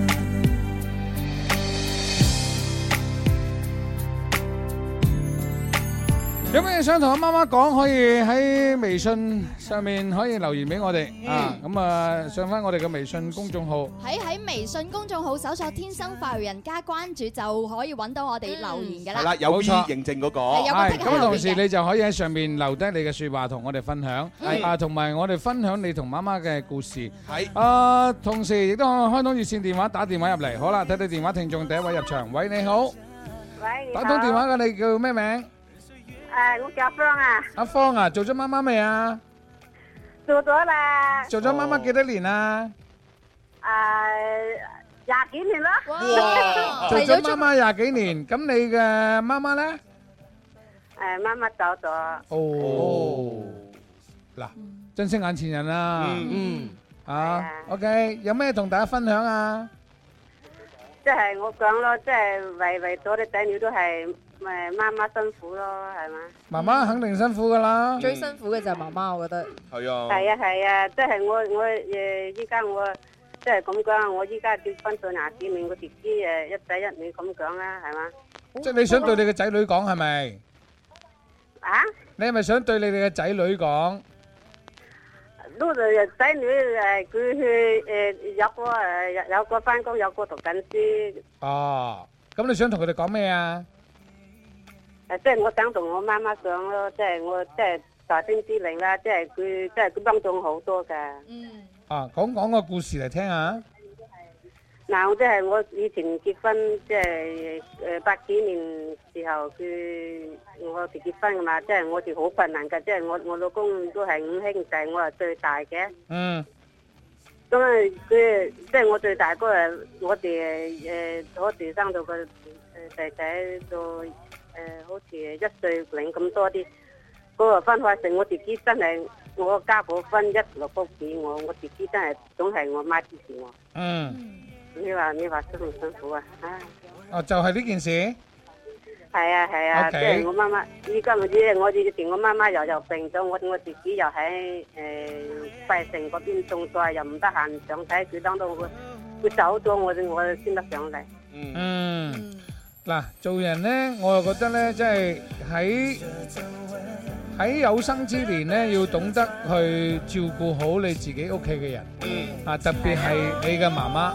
有咩想同我媽媽講，可以喺微信上面可以留言俾我哋啊！咁啊，上翻我哋嘅微信公眾號，喺喺微信公眾號搜索“天生快活人”加關注就可以揾到我哋留言噶啦。係啦，有依認證嗰個。係，咁同時你就可以喺上面留低你嘅說話同我哋分享。係啊，同埋我哋分享你同媽媽嘅故事。係啊，同時亦都可以開通熱線電話打電話入嚟。好啦，睇到電話聽眾第一位入場，喂，你好。喂。打通電話嘅你叫咩名？誒，我叫芳啊。阿芳啊，做咗媽媽未啊？做咗啦。做咗媽媽幾多年啊？誒，廿幾年咯。哇！做咗媽媽廿幾年，咁你嘅媽媽咧？誒，媽媽走咗。哦，嗱，珍惜眼前人啦。嗯嗯。係啊。OK，有咩同大家分享啊？即係我講咯，即係為為咗啲仔女都係。咪媽媽辛苦咯，係嘛？媽媽肯定辛苦噶啦，最辛苦嘅就係媽媽，我覺得。係啊。係啊係啊，即係我我誒，依家我即係咁講，我依家結婚咗廿幾年，我自己誒一仔一女咁講啦，係嘛？即係你想對你嘅仔女講係咪？啊？你係咪想對你哋嘅仔女講？都係仔女誒，佢去誒，有個誒，有個翻工，有個讀緊書。哦，咁你想同佢哋講咩啊？即係我想同我媽媽講咯，即係我即係大聲啲嚟啦，即係佢即係佢幫咗好多㗎。嗯。啊，講講個故事嚟聽下、嗯、啊！嗱，我即係我以前結婚，即係誒八幾年時候，佢我哋結婚㗎嘛，即係我哋好困難㗎，即係我我老公都係五兄弟，我係最大嘅。嗯。咁啊、嗯，佢即係我最大個係，我哋誒誒我哋生到個誒弟弟到。誒、呃，好似一歲領咁多啲，嗰個分開成我自己真係，我家婆分一六百俾我，我自己真係總係我媽支持我。嗯，你話你話辛唔辛苦啊？啊、哦，就係、是、呢件事。係啊係啊，即係、啊、Okay. 我媽媽，依家唔知我呢邊我媽媽又又病咗，我我自己又喺誒費城嗰邊種菜，又唔得閒上睇佢，等到佢走咗，我我先得上嚟。嗯。嗯嗱，做人咧，我又覺得咧，即係喺喺有生之年咧，要懂得去照顧好你自己屋企嘅人，嗯，啊，特別係你嘅媽媽，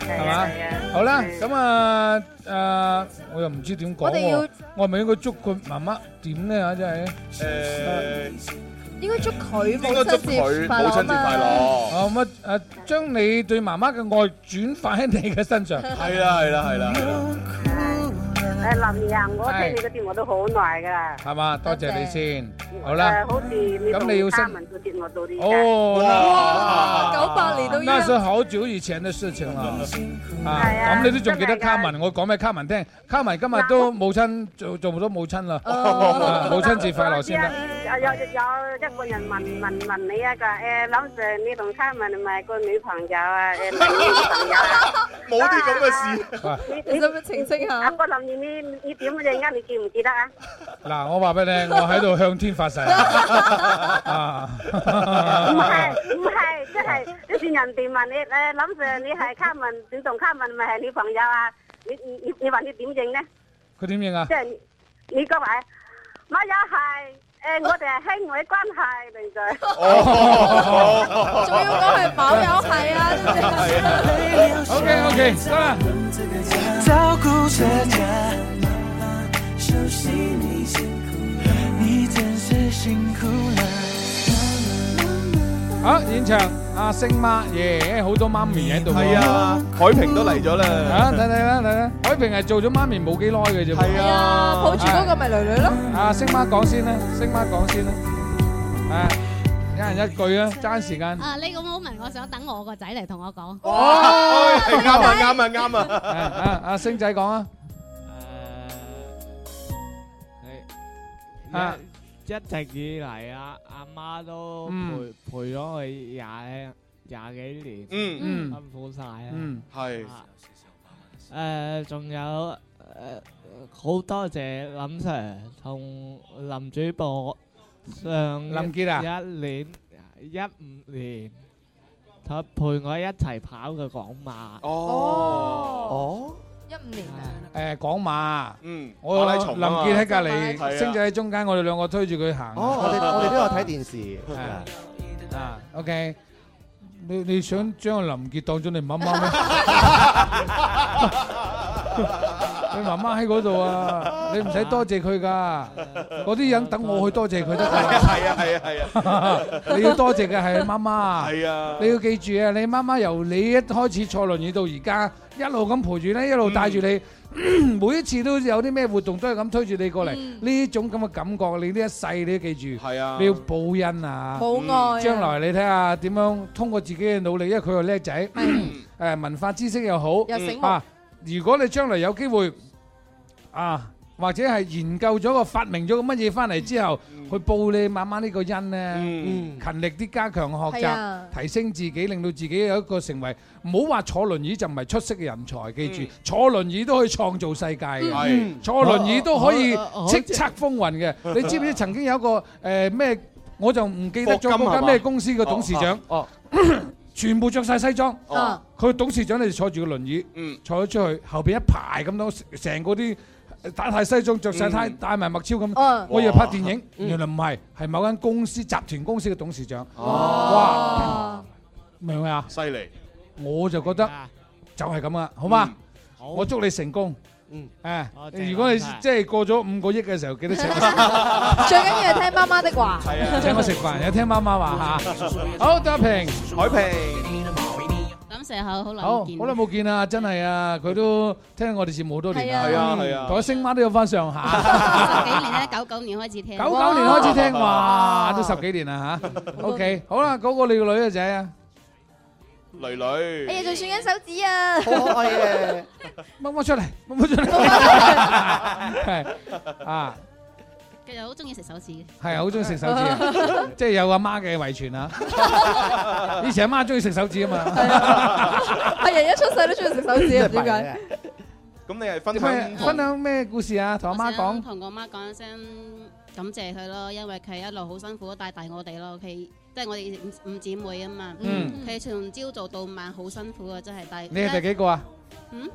係嘛？好啦，咁啊誒，我又唔知點講喎，我咪應該祝佢媽媽點咧啊？即係誒，應該祝佢，應該祝佢母親節快樂，好嘛？誒，將你對媽媽嘅愛轉化喺你嘅身上，係啦，係啦，係啦。誒林姨啊，我聽你嗰啲我都好耐噶，係嘛？多謝你先，好啦。誒，咁你要新聞就叫我早啲。哦，九八年到。那是好久以前嘅事情啦。係啊。咁你都仲記得卡文？我講俾卡文聽，卡文今日都母親做做唔到母親啦。哦。母親節快樂先。有有一個人問問問你啊，佢話誒，諗住你同卡文係個女朋友啊？冇啲咁嘅事。你咁樣澄清下？阿個林姨你。你你點應啊，你記唔記得啊？嗱，我話俾你聽，我喺度向天發誓啊！唔係唔係，即係即使人哋問你誒，諗住你係卡文，你同卡文咪係女朋友啊？你你你，問你點應咧？佢點應啊？即係你講埋，乜嘢係。我哋係兄妹關係，嚟嘅。哦，仲要講係保友係啊，係啊，OK OK，得。啊！現場阿星媽耶，好多媽咪喺度。係啊，海平都嚟咗啦。啊，睇睇啦，睇睇。海平係做咗媽咪冇幾耐嘅啫。係啊，抱住嗰個咪囡囡咯。阿星媽講先啦，星媽講先啦。係，一人一句啊，爭時間。啊，呢個 moment，我想等我個仔嚟同我講。哦，啱啊，啱啊，啱啊。啊啊，星仔講啊。誒，啊。一直以嚟啊，阿媽都陪陪咗佢廿廿幾年，辛苦晒啊！係誒，仲有誒，好多謝林 Sir 同林主播上林杰啊一年一五年，佢陪我一齊跑嘅港馬。哦哦。一五年啊！誒，uh, 港馬，嗯，我有牀、啊，林杰喺隔離，星仔喺中間，我哋兩個推住佢行。哦，我哋我哋都有睇電視。啊，OK，你你想將林杰當咗你媽媽咩？ 你媽媽喺嗰度啊！你唔使多謝佢㗎，嗰啲人等我去多謝佢得。係啊係啊係啊係啊！你要多謝嘅係你媽媽啊！係啊！你要記住啊！你媽媽由你一開始坐輪椅到而家，一路咁陪住咧，一路帶住你，每一次都有啲咩活動都係咁推住你過嚟，呢種咁嘅感覺，你呢一世你都記住。係啊！你要報恩啊！報愛。將來你睇下點樣通過自己嘅努力，因為佢又叻仔，誒文化知識又好。又醒目。如果你將來有機會，啊，或者係研究咗個發明咗個乜嘢翻嚟之後，去報你媽媽呢個恩呢，勤力啲加強學習，提升自己，令到自己有一個成為，唔好話坐輪椅就唔係出色嘅人才，記住，坐輪椅都可以創造世界嘅，坐輪椅都可以叱咤風雲嘅。你知唔知曾經有一個誒咩？我就唔記得咗嗰間咩公司嘅董事長，全部着晒西裝，佢董事長就坐住個輪椅，坐咗出去，後邊一排咁多，成個啲。打太西裝，著曬呔，帶埋墨超咁。我以為拍電影，原來唔係，係某間公司集團公司嘅董事長。哇，明唔明呀？犀利！我就覺得就係咁噶，好嘛？我祝你成功。嗯，誒，如果你即係過咗五個億嘅時候，記得請我。最緊要係聽媽媽的話，請我食飯，有聽媽媽話嚇。好，得一平，海平。真係好，好耐好，好耐冇見啊真係啊，佢都聽我哋節目好多年，係啊係啊，同阿星媽都有翻上下，十幾年啦，九九年開始聽，九九年開始聽，哇，都十幾年啦吓。OK，好啦，嗰個你個女啊仔啊，女女，哎呀，仲算緊手指啊，好可愛嘅，摸摸出嚟，摸摸出嚟，係啊佢又好中意食手指嘅，係啊，好中意食手指，即係有阿媽嘅遺傳啊。以前阿媽中意食手指啊嘛，係啊，阿爺一出世都中意食手指啊，點解？咁你係分享分享咩故事啊？同阿媽講，同阿媽講聲感謝佢咯，因為佢一路好辛苦帶大我哋咯，佢即係我哋五姊妹啊嘛。嗯，佢從朝做到晚好辛苦啊，真係帶。你係第幾個啊？嗯。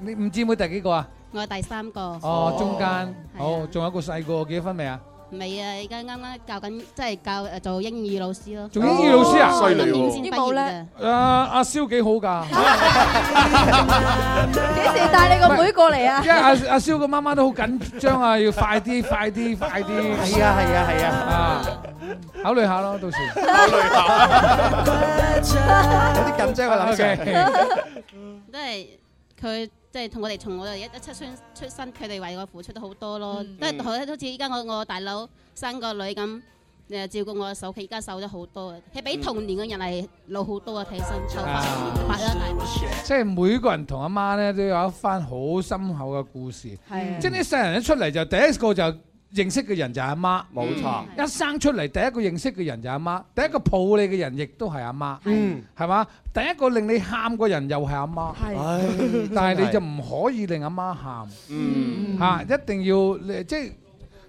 你五姊妹第幾個啊？我係第三個。哦，中間。哦，仲有個細個，幾多分未啊？未啊，而家啱啱教緊，即係教誒做英語老師咯。做英語老師啊？犀利喎！五年先畢業咧。啊，阿蕭幾好噶？幾時帶你個妹過嚟啊？因為阿阿蕭個媽媽都好緊張啊，要快啲，快啲，快啲。係啊，係啊，係啊，啊，考慮下咯，到時考慮下。有啲緊張啊，諗住。即係佢。即係同我哋從我哋一一出出出生，佢哋為我付出咗好多咯。即係同好似依家我我大佬生個女咁，誒照顧我手，佢而家瘦咗好多，係比同年嘅人係老好多嘅睇起身瘦翻百一大。啊、即係每個人同阿媽咧都有一番好深厚嘅故事。的即係啲世人一出嚟就、嗯、第一個就。認識嘅人就係阿媽，媽，冇錯、嗯。一生出嚟第一個認識嘅人就係阿媽，媽，第一個抱你嘅人亦都係阿媽，係嘛、嗯？第一個令你喊嘅人又係阿媽，唉但係你就唔可以令阿媽喊，嚇、嗯啊！一定要即係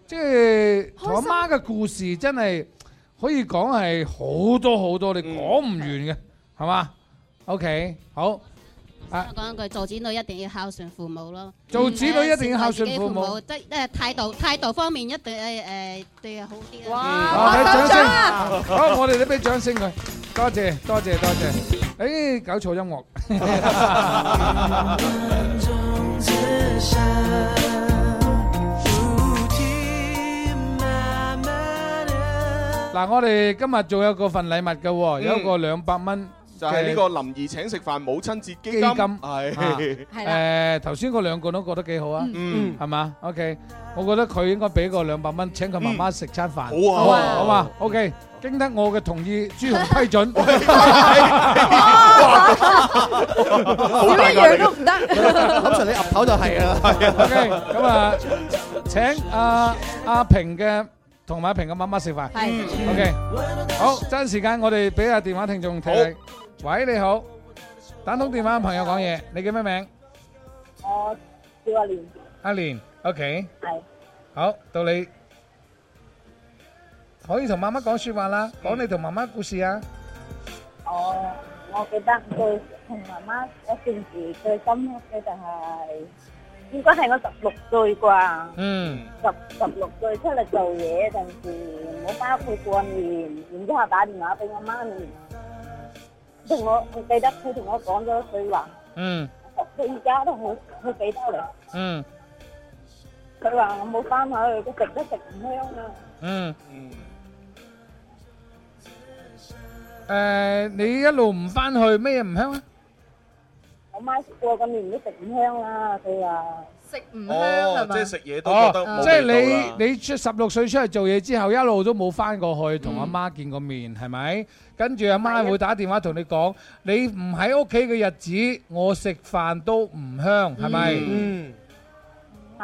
即係同阿媽嘅故事真係可以講係好多好多，你講唔完嘅，係嘛、嗯？OK，好。講一句，做子女一定要孝順父母咯。做子女一定要孝順父母，即係態度態度方面一定誒誒對好啲、嗯、哇！哇 俾掌聲，好，我哋都俾掌聲佢。多謝多謝多謝。誒，搞錯音樂。嗱，我哋今日仲有嗰份禮物嘅，有一個兩百蚊。就係呢個林兒請食飯母親節基金係，誒，頭先嗰兩個都覺得幾好啊，嗯，係嘛，OK，我覺得佢應該俾個兩百蚊請佢媽媽食餐飯，好啊，好嘛，OK，經得我嘅同意，朱紅批准，點樣樣都唔得，咁就你岌頭就係啦，係啊，OK，咁啊，請阿阿平嘅同埋阿平嘅媽媽食飯，係，OK，好，爭緊時間我哋俾下電話聽眾睇。喂，你好，打通電話，朋友講嘢，你叫咩名？我叫阿蓮。阿蓮，OK。係。好，到你可以同媽媽講說話啦，講你同媽媽故事啊。哦，我記得最同媽媽一件事最深刻嘅就係應該係我十六歲啩。嗯。十十六歲出嚟做嘢陣時，我返屋企過年，然之後打電話俾我媽。我我記得佢同我講咗一句話，嗯，佢而家都好，佢幾多咧？嗯，佢話我冇翻去，佢食都食唔香啊。嗯嗯。誒，你一路唔翻去咩唔香啊？我媽過個年都食唔香啦，佢話。食唔香，哦，係嘛？即係食嘢都覺得冇味道啦。哦，即係你你出十六歲出嚟做嘢之後，一路都冇翻過去同阿媽，媽見過面係咪，嗯？跟住阿媽，媽會打電話同你講，你唔喺屋企嘅日子，我食飯都唔香係咪？嗯。是係，係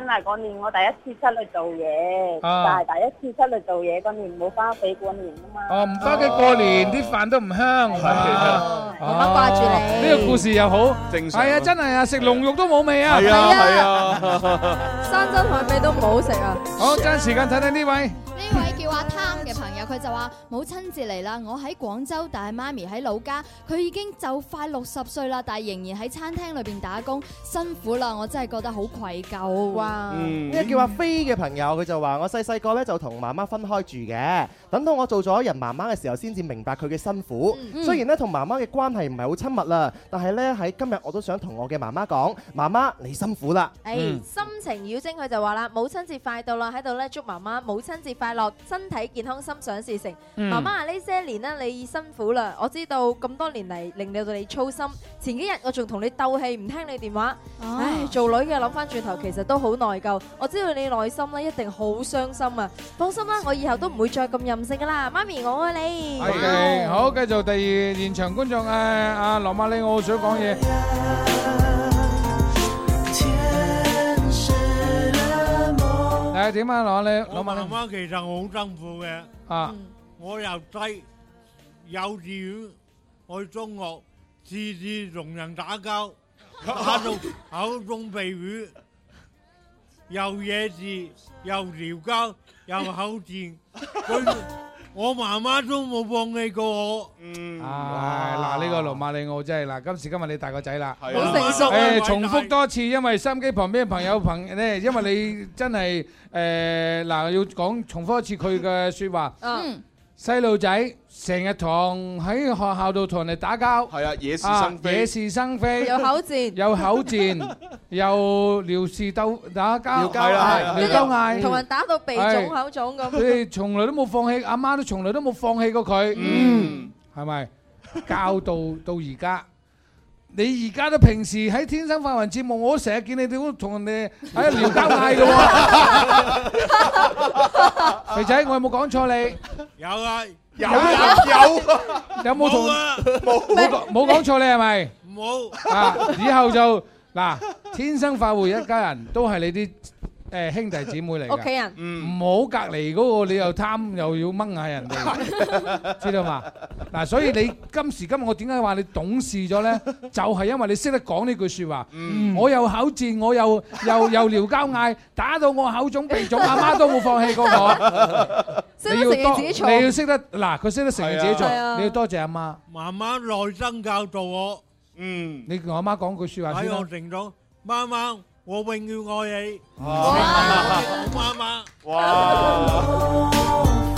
因為嗰年我第一次出去做嘢，就係第一次出去做嘢嗰年冇翻屋企過年啊嘛。哦，唔翻屋企過年啲飯都唔香，冇乜掛住你。呢個故事又好正常。係啊，真係啊，食龍肉都冇味啊，係啊，係啊，山珍海味都唔好食啊。好，將時間睇睇呢位，呢位叫阿湯嘅朋友，佢就話母親節嚟啦，我喺廣州，但係媽咪喺老家，佢已經就快六十歲啦，但係仍然喺餐廳裏邊打工，辛苦啦，我真係覺得好愧。係狗哇！呢個叫阿飛嘅朋友，佢就話：我細細個咧就同媽媽分開住嘅，等到我做咗人媽媽嘅時候，先至明白佢嘅辛苦。雖然咧同媽媽嘅關係唔係好親密啦，但係咧喺今日我都想同我嘅媽媽講：媽媽，你辛苦啦！唉，心情妖精佢就話啦：母親節快到啦，喺度咧祝媽媽母親節快樂，身體健康，心想事成。媽媽啊，呢些年咧你辛苦啦，我知道咁多年嚟令到你操心。前幾日我仲同你鬥氣，唔聽你電話。唉，做女嘅諗翻轉。其實都好內疚，我知道你內心咧一定好傷心啊！放心啦，我以後都唔會再咁任性噶啦，媽咪，我愛你！好，繼續第二現場觀眾啊，阿羅馬里，我想講嘢。誒，點啊，羅馬里？我媽媽其實我好辛苦嘅，啊，我又細幼稚園去中學，次次同人打交，打到口中鼻血。又嘢事，又撩交，又口賤， 我媽媽都冇放棄過我。嗯，係嗱，呢、啊這個羅馬里奧真係嗱，今時今日你大個仔啦，好、啊、成熟啊！哎、大重複多次，因為心機旁邊朋友朋咧， 因為你真係誒，嗱、呃、要講重複一次佢嘅說話。 嗯。細路仔成日同喺學校度同人哋打交，係啊，惹是生非，惹、啊、是生非，有口賤，有口賤， 又撩事鬥打交，係啦架，撩交嗌，同人打到鼻腫口腫咁，佢哋從來都冇放棄，阿媽都從來都冇放棄過佢，嗯，係咪教導到到而家？你而家都平時喺天生快活節目，我成日見你哋好同人哋喺度聊交嗌㗎喎。 肥仔，我有冇講錯你有、啊？有啊，有啊有、啊、 有冇同冇冇講錯你係咪？冇。 啊，以後就嗱、啊，天生快活一家人都係你啲。誒，兄弟姐妹嚟嘅屋企人，唔好隔離嗰個，你又貪又要掹下人哋，知道嘛？嗱，所以你今時今日我點解話你懂事咗咧？就係因為你識得講呢句說話。我又口賤，我又又又撩交嗌，打到我口腫鼻腫，阿媽都冇放棄過我。你要多你要識得嗱，佢識得承認自己錯，你要多謝阿媽。媽媽耐心教導我。嗯，你同阿媽講句說話先。使用成咗，媽媽。我永遠愛你，好媽媽。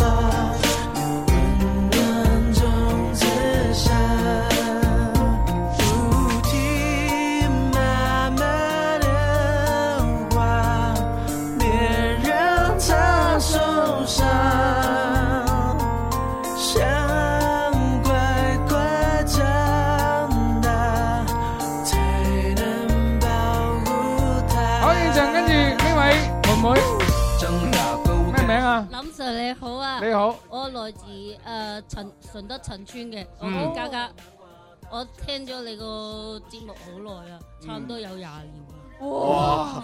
你好啊，你好，你好，我來自誒陳順德陳村嘅，嗯、我叫嘉嘉，我聽咗你個節目好耐啦，差唔多有廿年。哇！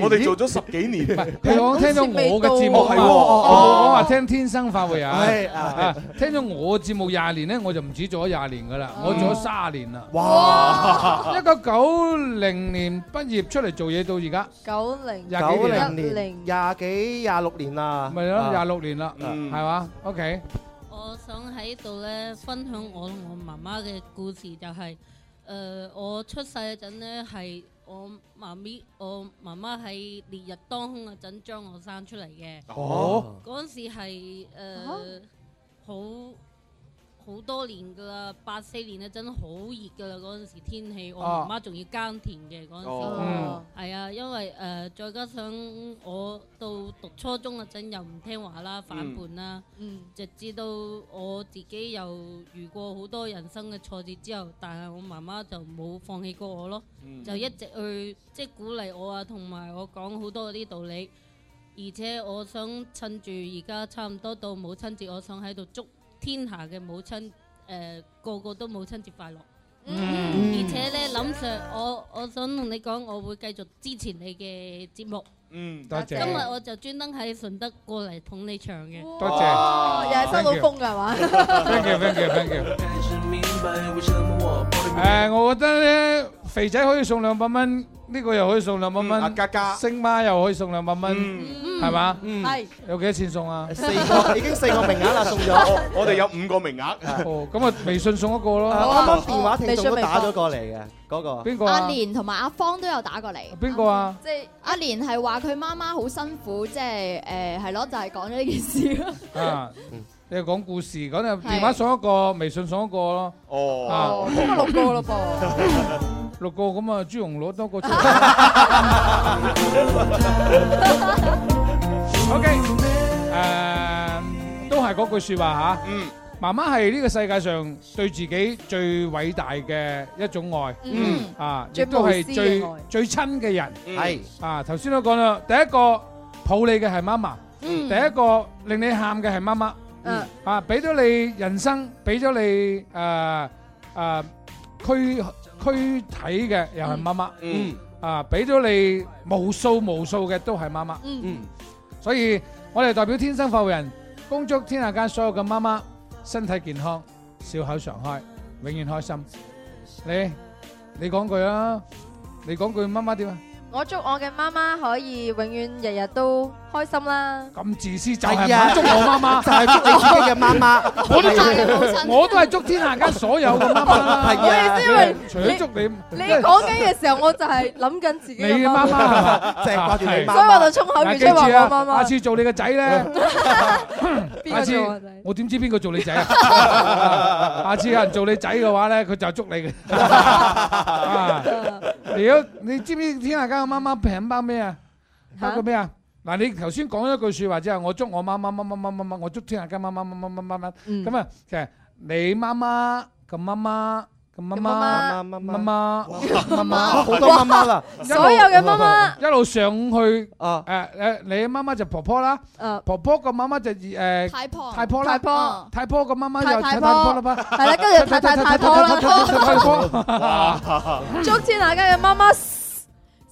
我哋做咗十幾年，你講聽咗我嘅節目係，我我話聽天生快活人啊，係係聽咗我嘅節目廿年咧，我就唔止做咗廿年噶啦，我做咗卅年啦。哇！一九九零年畢業出嚟做嘢到而家，九零九零年廿幾廿六年啦，咪咁廿六年啦，係嘛？OK。我想喺度咧分享我同我媽媽嘅故事，就係誒我出世嗰陣咧係。我媽咪，我媽媽喺烈日當空嗰陣將我生出嚟嘅，嗰陣、哦、時係好。呃啊好多年噶啦，八四年真係好熱噶啦，嗰陣時天氣，啊、我媽媽仲要耕田嘅嗰陣時，係啊，因為誒、呃、再加上我到讀初中嗰陣又唔聽話啦，反叛啦，直至到我自己又遇過好多人生嘅挫折之後，但係我媽媽就冇放棄過我咯，就一直去即係鼓勵我啊，同埋我講好多嗰啲道理，而且我想趁住而家差唔多到母親節，我想喺度祝天下嘅母親，誒、呃、個個都母親節快樂。嗯，而且咧，林 Sir，我我想同你講，我會繼續支持你嘅節目。嗯，多謝。今日我就專登喺順德過嚟捧你場嘅。多謝。哇又係收到風㗎，係嘛？Thank you, thank you, thank you。誒，我覺得咧。肥仔可以送兩百蚊，呢個又可以送兩百蚊。阿家家、星媽又可以送兩百蚊，係嘛？係，有幾多錢送啊？四個，已經四個名額啦，送咗。我哋有五個名額。哦，咁啊，微信送一個咯。啱啱電話聽眾都打咗過嚟嘅，嗰個邊個？阿蓮同埋阿芳都有打過嚟。邊個啊？即係阿蓮係話佢媽媽好辛苦，即係誒，係咯，就係講咗呢件事咯。啊，你講故事，咁啊，電話送一個，微信送一個咯。哦，咁啊，六個咯噃。六個咁啊，朱紅攞多個。OK，誒，都係嗰句說話吓。嗯，媽媽係呢個世界上對自己最偉大嘅一種愛。嗯，啊，亦都係最最親嘅人。係，啊，頭先都講啦，第一個抱你嘅係媽媽。嗯，第一個令你喊嘅係媽媽。嗯，啊，俾咗你人生，俾咗你誒誒，區。軀體嘅又係媽媽，嗯，啊，俾咗你無數無數嘅都係媽媽，嗯，所以我哋代表天生服務人，恭祝天下間所有嘅媽媽身體健康，笑口常開，永遠開心。你你講句啊，你講句媽媽點啊？我祝我嘅媽媽可以永遠日日都開心啦！咁自私仔啊，祝我媽媽就係祝你自己嘅媽媽，我都係，我都係祝天下間所有嘅媽媽係嘅。因為除咗祝你，你講緊嘅時候，我就係諗緊自己嘅媽媽，所以我就衝口而出話我媽媽。下次做你個仔咧，下次我點知邊個做你仔啊？下次有人做你仔嘅話咧，佢就係祝你嘅。如果你知唔知天下間？媽媽平包咩啊？包個咩啊？嗱，你頭先講一句說話，之後我祝我媽媽媽媽媽媽，我祝天下間媽媽媽媽媽媽，咁啊，即係你媽媽個媽媽個媽媽媽媽媽媽媽媽，好多媽媽啦！所有嘅媽媽一路上去啊！誒誒，你媽媽就婆婆啦，婆婆個媽媽就誒太婆太婆啦，太婆個媽媽又太太太婆啦，係啦，跟住太太太婆啦，太婆，祝天下間嘅媽媽。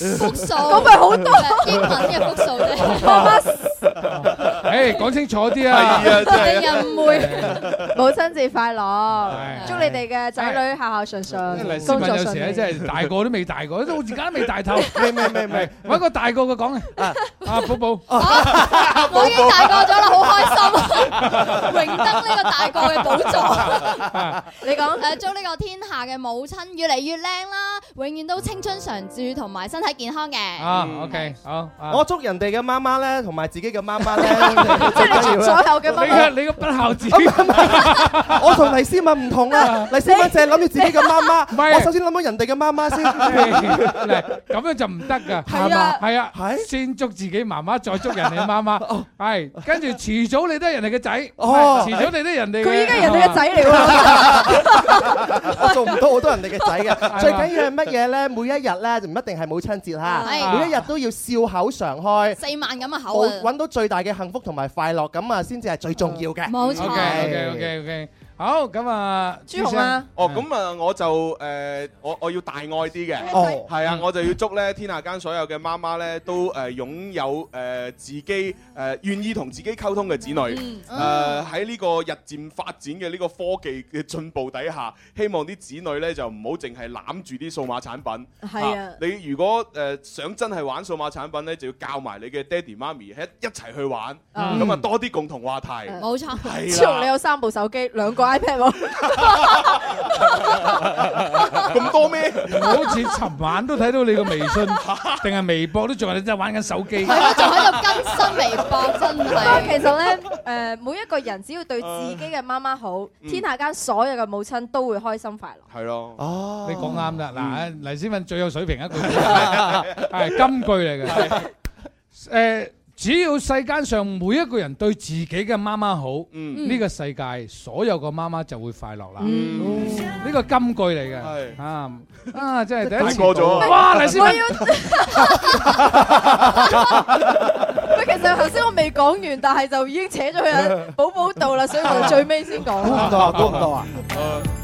數咁咪好多英文嘅數啫。誒，講清楚啲啊！令人誤會母親節快樂，祝你哋嘅仔女孝孝順順，工作順。有時咧，真係大個都未大個，都我而家都未大頭，未未未未，揾個大個嘅講。阿寶寶，寶已經大個咗啦，好開心，榮登呢個大個嘅寶座。你講誒，祝呢個天下嘅母親越嚟越靚啦，永遠都青春常駐同埋身體健康嘅！啊 OK 好，我祝人哋嘅媽媽咧，同埋自己嘅媽媽咧，即係你祝所有嘅媽媽。你個你個不孝子，我同黎思敏唔同啊！黎思敏淨係諗住自己嘅媽媽，唔係，我首先諗到人哋嘅媽媽先。咁樣就唔得噶。係啊，係啊，先祝自己媽媽，再祝人哋嘅媽媽。係，跟住遲早你都係人哋嘅仔，哦，遲早你都係人哋。佢依家人哋嘅仔嚟啦，我做唔到好多人哋嘅仔嘅。最緊要係乜嘢咧？每一日咧就唔一定係母親節哈，每一日都要笑口常開，四萬咁啊，好揾到最大嘅幸福同埋快樂，咁啊先至係最重要嘅。冇、嗯、錯。Okay, okay, okay, okay. 好，咁啊，朱紅啊！哦，咁啊，我就誒我我要大愛啲嘅，哦係啊，我就要祝咧天下間所有嘅媽媽咧都誒擁有誒自己誒願意同自己溝通嘅子女。誒喺呢個日漸發展嘅呢個科技嘅進步底下，希望啲子女咧就唔好淨係攬住啲數碼產品。係啊！你如果誒想真係玩數碼產品咧，就要教埋你嘅爹哋媽咪喺一齊去玩，咁啊多啲共同話題。冇錯，朱紅你有三部手機兩個。太平咯，咁多咩？我好似尋晚都睇到你個微信，定係微博都仲係你真係玩緊手機。係咯，仲喺度更新微博，真係。其實咧，誒，每一個人只要對自己嘅媽媽好，天下間所有嘅母親都會開心快樂。係咯，哦，你講啱啦。嗱，嚟先問最有水平一句係金句嚟嘅，誒。只要世間上每一個人對自己嘅媽媽好，呢、嗯、個世界所有嘅媽媽就會快樂啦。呢、嗯、個金句嚟嘅。啊是啊，真係第一次過咗。哇，頭先我未講完，但係就已經扯咗去喺寶寶度啦，所以我哋最尾先講。補唔到啊？補唔到啊？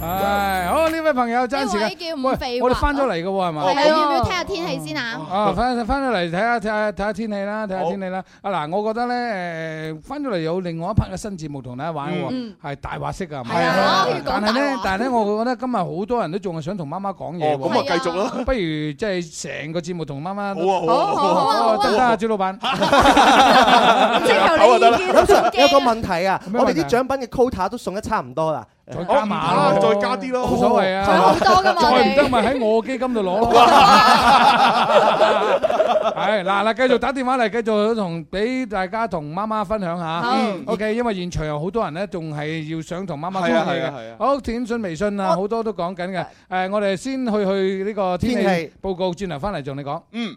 唉，好，呢位朋友真係，呢位叫唔廢話。我哋翻咗嚟嘅係咪？係啊！要唔要睇下天氣先啊？啊，翻翻咗嚟睇下睇下睇下天氣啦，睇下天氣啦。啊嗱，我覺得咧誒，翻咗嚟有另外一 part 嘅新節目同大家玩喎，係大話式嘅，係嘛？係啊，越講越大。但係咧，但係咧，我覺得今日好多人都仲係想同媽媽講嘢。哦，咁啊，繼續咯。不如即係成個節目同媽媽。好啊，好啊，好啊，真真啊，朱老闆。好就得啦。有個問題啊，我哋啲獎品嘅 quota 都送得差唔多啦。再加碼，再加啲咯，冇所謂啊。仲有好多㗎嘛，再唔得咪喺我基金度攞咯。係嗱嗱，繼續打電話嚟，繼續同俾大家同媽媽分享下。OK，因為現場有好多人咧，仲係要想同媽媽分享嘅。好，短信、微信啊，好多都講緊嘅。誒，我哋先去去呢個天氣報告，轉頭翻嚟仲你講。嗯。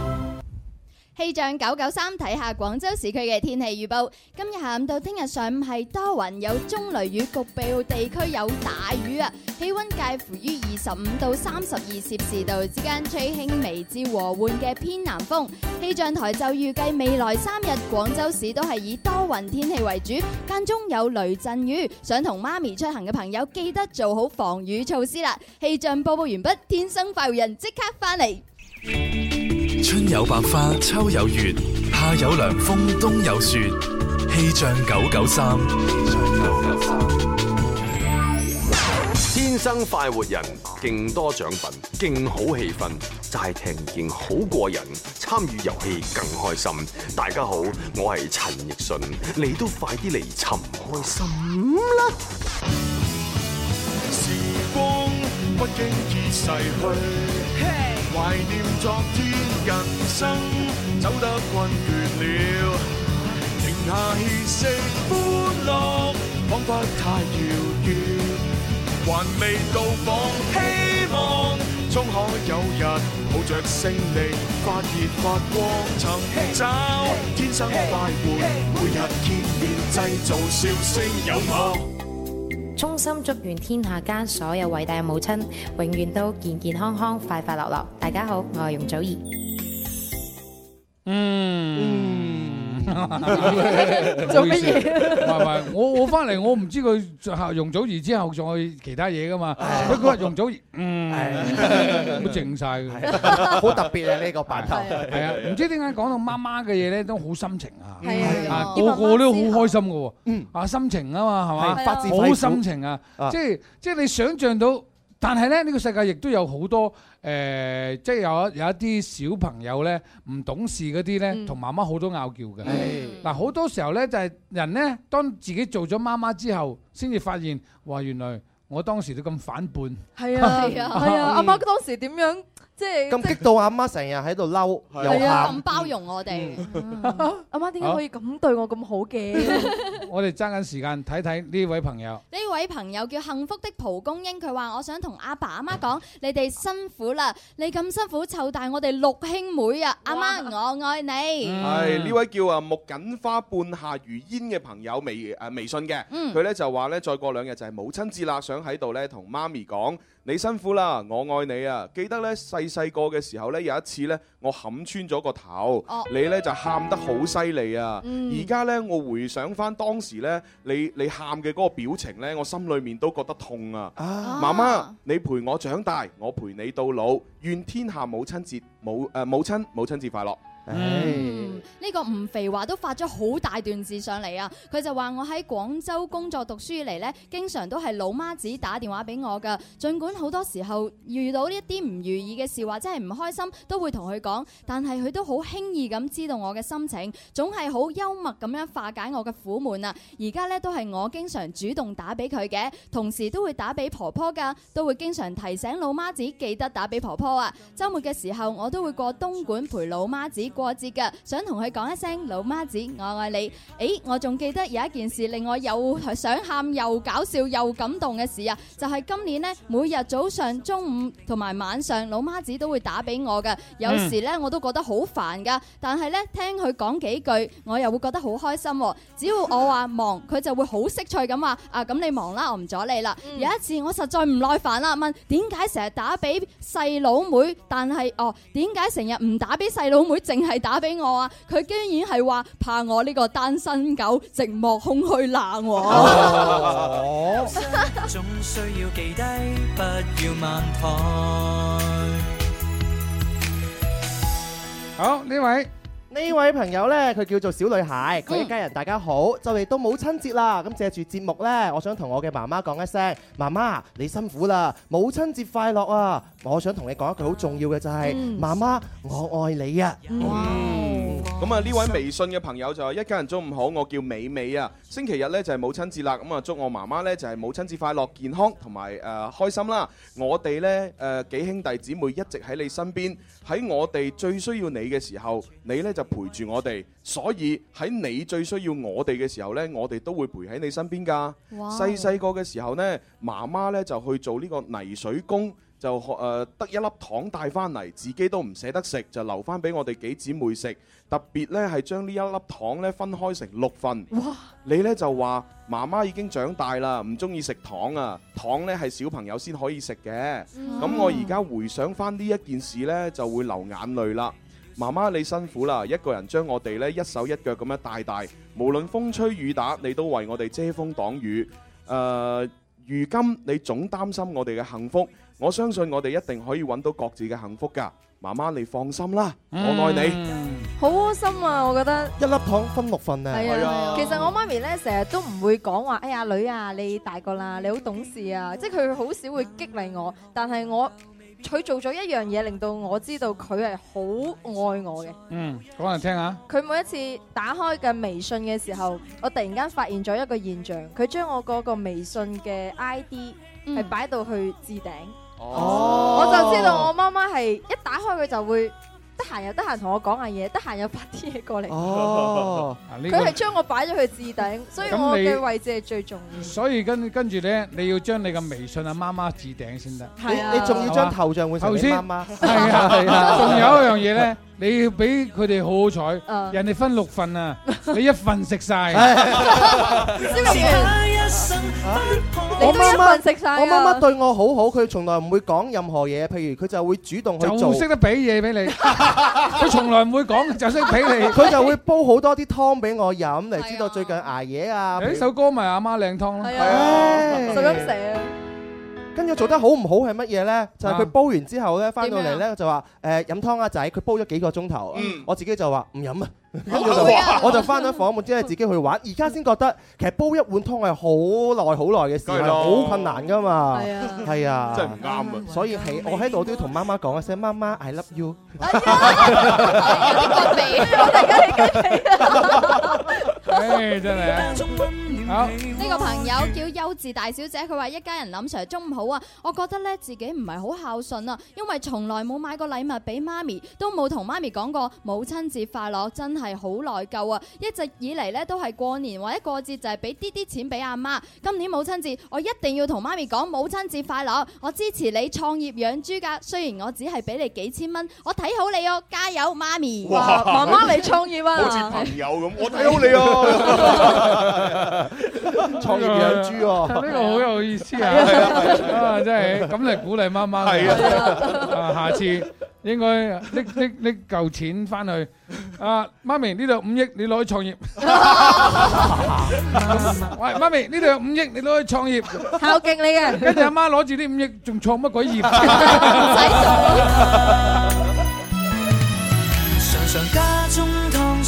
氣象九九三，睇下廣州市區嘅天氣預報，今日下午到聽日上午係多雲有中雷雨，局部地區有大雨啊！氣溫介乎於二十五到三十二攝氏度之間，吹輕微至和緩嘅偏南風。氣象台就預計未來三日廣州市都係以多雲天氣為主，間中有雷陣雨。想同媽咪出行嘅朋友記得做好防雨措施啦！氣象播報完畢，天生快活人即刻翻嚟。春有百花，秋有月，夏有涼風，冬有雪。氣象九九三，天生快活人，勁多獎品，勁好氣氛，齋聽見好過癮，參與遊戲更開心。大家好，我係陳奕迅，你都快啲嚟尋開心啦！時光不經意逝去。Hey. 懷念昨天，人生走得困倦了，停下歇息，歡樂彷彿太遙遠，還未到訪，希望終可有日抱着勝利發熱發光，尋找天生快活，每日竭力製造笑聲有我。衷心祝願天下間所有偉大嘅母親，永遠都健健康康、快快樂樂。大家好，我係容祖兒。嗯。嗯。做乜嘢？唔係唔係，我我翻嚟我唔知佢下容祖兒之後仲去其他嘢噶嘛？不過容祖兒嗯，好靜晒。好特別啊，呢個扮頭，係啊，唔知點解講到媽媽嘅嘢咧，都好心情啊，個個都好開心嘅喎，啊心情啊嘛係嘛，發自肺腑心情啊，即係即係你想像到。但係咧，呢、這個世界亦都有好多誒，即係有有一啲小朋友咧唔懂事嗰啲咧，同、嗯、媽媽好多拗撬嘅。嗱，好多時候咧就係、是、人咧，當自己做咗媽媽之後，先至發現嘩，原來我當時都咁反叛。係啊係啊，阿媽當時點樣？即係咁激到阿即媽成日喺度嬲，啊、又怕哭咁包容我哋。阿、嗯、 媽點解可以咁對我咁好嘅？ 我哋揸緊時間睇睇呢位朋友。呢位朋友叫幸福的蒲公英，佢話：我想同阿爸阿媽講， 你哋辛苦啦，你咁辛苦湊大我哋六兄妹啊！阿 媽，媽，我愛你。係呢、嗯哎、位叫啊木槿花半夏如煙嘅朋友微誒微信嘅，佢咧就話咧再過兩日就係母親節啦，想喺度咧同媽咪講。你辛苦啦，我愛你啊！記得咧，細細個嘅時候咧，有一次咧，我冚穿咗個頭，哦、你咧就喊得好犀利啊！而家咧，我回想翻當時咧，你你喊嘅嗰個表情咧，我心裏面都覺得痛啊！媽媽、啊，你陪我長大，我陪你到老，願天下母親節母誒母親母親節快樂。嗯，呢個吳肥華都發咗好大段字上嚟啊！佢就話我喺廣州工作讀書以嚟呢，經常都係老媽子打電話俾我噶。儘管好多時候遇到一啲唔如意嘅事，或者係唔開心，都會同佢講。但係佢都好輕易咁知道我嘅心情，總係好幽默咁樣化解我嘅苦悶啊！而家呢，都係我經常主動打俾佢嘅，同時都會打俾婆婆噶，都會經常提醒老媽子記得打俾婆婆啊！周末嘅時候我都會過東莞陪老媽子。過節噶，想同佢講一聲老媽子，我愛你。誒，我仲記得有一件事令我又想喊又搞笑又感動嘅事啊，就係今年呢，每日早上、中午同埋晚上，老媽子都會打俾我嘅。有時呢，我都覺得好煩噶，但係呢，聽佢講幾句，我又會覺得好開心。只要我話忙，佢就會好識趣咁話啊，咁你忙啦，我唔阻你啦。有一次，我實在唔耐煩啦，問點解成日打俾細佬妹，但係哦，點解成日唔打俾細佬妹整？係打俾我啊！佢竟然係話怕我呢個單身狗寂寞空虛冷。仲需要記低，不要慢怠。好，呢位。呢位朋友呢，佢叫做小女孩，佢一家人大家好，嗯、就嚟到母親節啦！咁借住節目呢，我想同我嘅媽媽講一聲，媽媽你辛苦啦，母親節快樂啊！我想同你講一句好重要嘅就係、是，媽媽、嗯、我愛你啊！咁啊！呢位微信嘅朋友就話，一家人中午好，我叫美美啊。星期日咧就係母親節啦，咁啊祝我媽媽咧就係母親節快樂，健康同埋誒開心啦。我哋咧誒幾兄弟姊妹一直喺你身邊，喺我哋最需要你嘅時候，你咧就陪住我哋。所以喺你最需要我哋嘅時候咧，我哋都會陪喺你身邊㗎。細細個嘅時候咧，媽媽咧就去做呢個泥水工。就學誒、呃、得一粒糖帶翻嚟，自己都唔捨得食，就留翻俾我哋幾姊妹食。特別咧係將呢一粒糖咧分開成六份。哇！你呢就話媽媽已經長大啦，唔中意食糖啊。糖呢係小朋友先可以食嘅。咁哇我而家回想翻呢一件事呢，就會流眼淚啦。媽媽你辛苦啦，一個人將我哋咧一手一腳咁樣帶大，無論風吹雨打，你都為我哋遮風擋雨。誒、呃，如今你總擔心我哋嘅幸福。我相信我哋一定可以揾到各自嘅幸福噶，媽媽你放心啦，我愛你。好窩、嗯、心啊，我覺得一粒糖分六份啊。啊啊啊，其實我媽咪咧成日都唔會講話，哎呀女啊，你大個啦，你好懂事啊，即係佢好少會激勵我。但係我佢做咗一樣嘢，令到我知道佢係好愛我嘅。嗯，講嚟聽下。佢每一次打開嘅微信嘅時候，我突然間發現咗一個現象，佢將我嗰個微信嘅 ID 係擺到去置頂。哦，oh. 我就知道我媽媽係一打開佢就會得閒又得閒同我講下嘢，得閒又發啲嘢過嚟。哦，佢係將我擺咗去置頂，所以我嘅位置係最重要。要。所以跟跟住咧，你要將你嘅微信媽媽啊媽媽置頂先得。係啊，你仲要將頭像換成你媽媽。係啊係啊，仲、啊啊、 有一樣嘢咧。你要俾佢哋好好彩，人哋分六份啊，你一份食晒。我媽媽對我好好，佢從來唔會講任何嘢，譬如佢就會主動去做，識得俾嘢俾你。佢從來唔會講，就識得俾你，佢就會煲好多啲湯俾我飲嚟，知道最近捱夜啊。呢首歌咪阿媽靚湯咯。係啊，就點寫啊？跟住做得好唔好係乜嘢呢？就係佢煲完之後呢，翻到嚟呢就話：誒飲湯啊仔！佢煲咗幾個鐘頭，我自己就話唔飲啊。跟住我就我就翻咗房，我只係自己去玩。而家先覺得其實煲一碗湯係好耐好耐嘅事，好困難噶嘛。係啊，係啊，真係唔啱啊！所以喺我喺度都要同媽媽講一聲，媽媽，I love you。哎，真係。呢 個朋友叫優智大小姐，佢話一家人諗成日都唔好啊，我覺得咧自己唔係好孝順啊，因為從來冇買過禮物俾媽咪，都冇同媽咪講過母親節快樂，真係好內疚啊！一直以嚟咧都係過年或者過節就係俾啲啲錢俾阿媽，今年母親節我一定要同媽咪講母親節快樂，我支持你創業養豬噶，雖然我只係俾你幾千蚊，我睇好你哦，加油媽咪，哇，媽媽你創業啊，好似朋友咁，我睇好你啊！創業養豬哦，呢個好有意思啊！啊，真係咁嚟鼓勵媽媽係啊，啊，下次應該搦搦搦嚿錢翻去啊，媽咪呢度五億，你攞去創業。喂，媽咪呢度五億，你攞去創業，孝敬你嘅。跟住阿媽攞住啲五億，仲創乜鬼業？唔使做。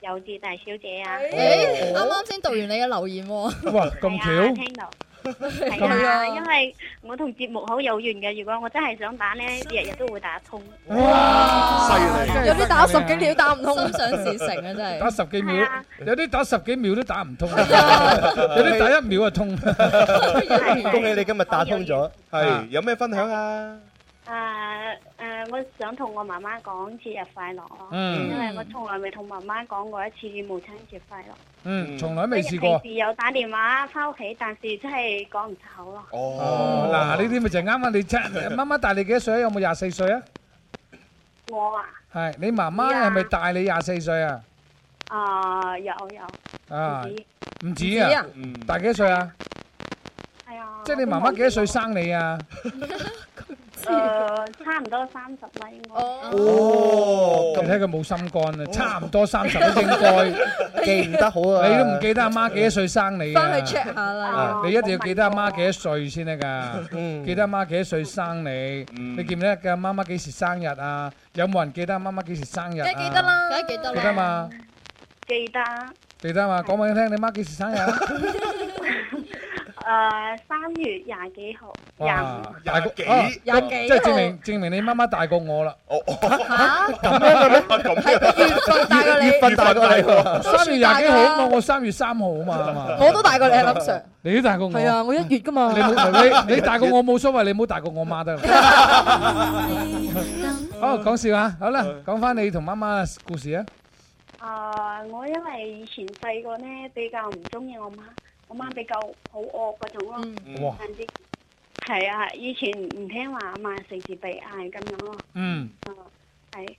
幼稚大小姐啊！啱啱先讀完你嘅留言喎。哇，咁巧！聽到係啊，因為我同節目好有緣嘅，如果我真係想打呢，日日都會打通。哇！有啲打十幾秒打唔通，心想事成啊！真係。打十幾秒，有啲打十幾秒都打唔通。有啲打一秒就通。恭喜你今日打通咗，係有咩分享啊？誒誒，我想同我媽媽講節日快樂咯，因為我從來未同媽媽講過一次母親節快樂。嗯，從來未試過。平時有打電話翻屋企，但是真係講唔出口咯。哦，嗱，呢啲咪就係啱啱，你真係媽媽大你幾多歲啊？有冇廿四歲啊？我啊？係你媽媽係咪大你廿四歲啊？啊，有有。啊？唔止啊？唔止啊？大幾多歲啊？係啊。即係你媽媽幾多歲生你啊？差唔多三十啦，應該。哦，你睇佢冇心肝啊！差唔多三十都應該記唔得好啊！你都唔記得阿媽幾多歲生你？翻去 check 下啦。你一定要記得阿媽幾多歲先得噶，記得阿媽幾多歲生你？你記唔記得阿媽媽幾時生日啊？有冇人記得阿媽媽幾時生日啊？記得啦，記得啦。記得嘛？記得。記得嘛？講俾佢聽，你媽幾時生日？誒，三月廿幾號，廿廿個幾，即係證明證明你媽媽大過我啦。吓，咁樣嘅咩？係月份大過你，月份大過你。三月廿幾號嘛，我三月三號啊嘛。我都大過你啊，林 sir。你都大過我。係啊，我一月噶嘛。你你你大過我冇所謂，你唔好大過我媽得啦。好講笑吓，好啦，講翻你同媽媽嘅故事啊。誒，我因為以前細個呢比較唔中意我媽。我媽比較好惡嗰種咯，甚至係啊，以前唔聽話啊嘛，成時被嗌咁樣咯。嗯，啊，係，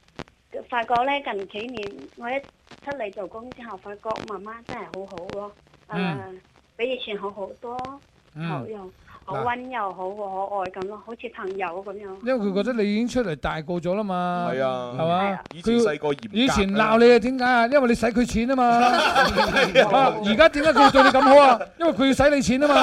發覺咧近幾年我一出嚟做工之後，發覺媽媽真係好好咯，誒比以前好好多，包、嗯、容。 嗯 好溫柔，好可愛咁咯，好似朋友咁樣。因為佢覺得你已經出嚟大個咗啦嘛，係啊，係嘛。以前細個嚴，以前鬧你係點解啊？因為你使佢錢啊嘛。而家點解佢對你咁好啊？因為佢要使你錢啊嘛。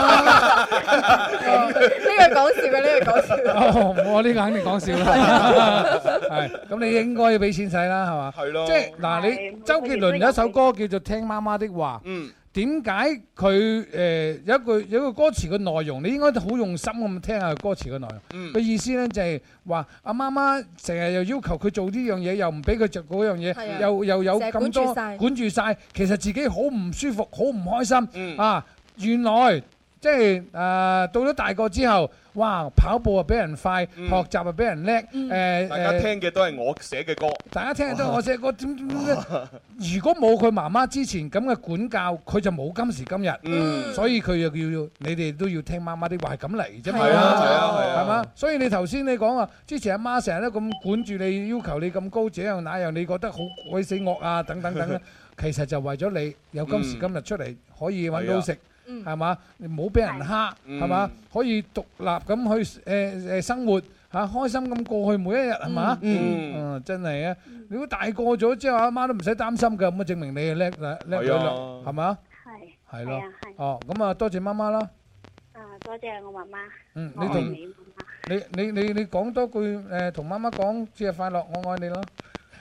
呢個講笑嘅，呢個講笑。我呢個肯定講笑。係，咁你應該要俾錢使啦，係嘛。係咯。即係嗱，你周杰倫有一首歌叫做《聽媽媽的話》。嗯。點解佢誒有一句有一個歌詞嘅內容？你應該好用心咁聽下歌詞嘅內容。佢、嗯、意思呢就係話阿媽媽成日又要求佢做呢樣嘢，又唔俾佢著嗰樣嘢，又又有咁多管住晒。其實自己好唔舒服，好唔開心、嗯、啊！原來。即係誒，到咗大個之後，哇，跑步啊比人快，嗯、學習啊比人叻，誒、嗯，呃、大家聽嘅都係我寫嘅歌，大家聽嘅都係我寫歌，點點點，如果冇佢媽媽之前咁嘅管教，佢就冇今時今日，嗯、所以佢又叫你哋都要聽媽媽啲話係咁嚟啫，嘛。啊係啊係啊，係嘛、啊啊啊，所以你頭先你講啊，之前阿媽成日都咁管住你，要求你咁高，這樣那樣你覺得好鬼死惡啊，等等等咧， 其實就為咗你有今時今日出嚟，嗯、可以搵到食。嗯，係嘛，唔好俾人蝦，係嘛、嗯，可以獨立咁去誒誒、呃、生活嚇、啊，開心咁過去每一日，係嘛，嗯，嗯，嗯，真係啊！嗯、你如果大個咗之後，阿媽都唔使擔心嘅，咁啊證明你係叻啦，叻女啦，係嘛、啊？係係咯，啊啊、哦，咁啊，多謝媽媽囉。啊，多謝我媽媽。嗯，你同你你你你講多句誒，同媽媽講節日快樂，我愛你囉。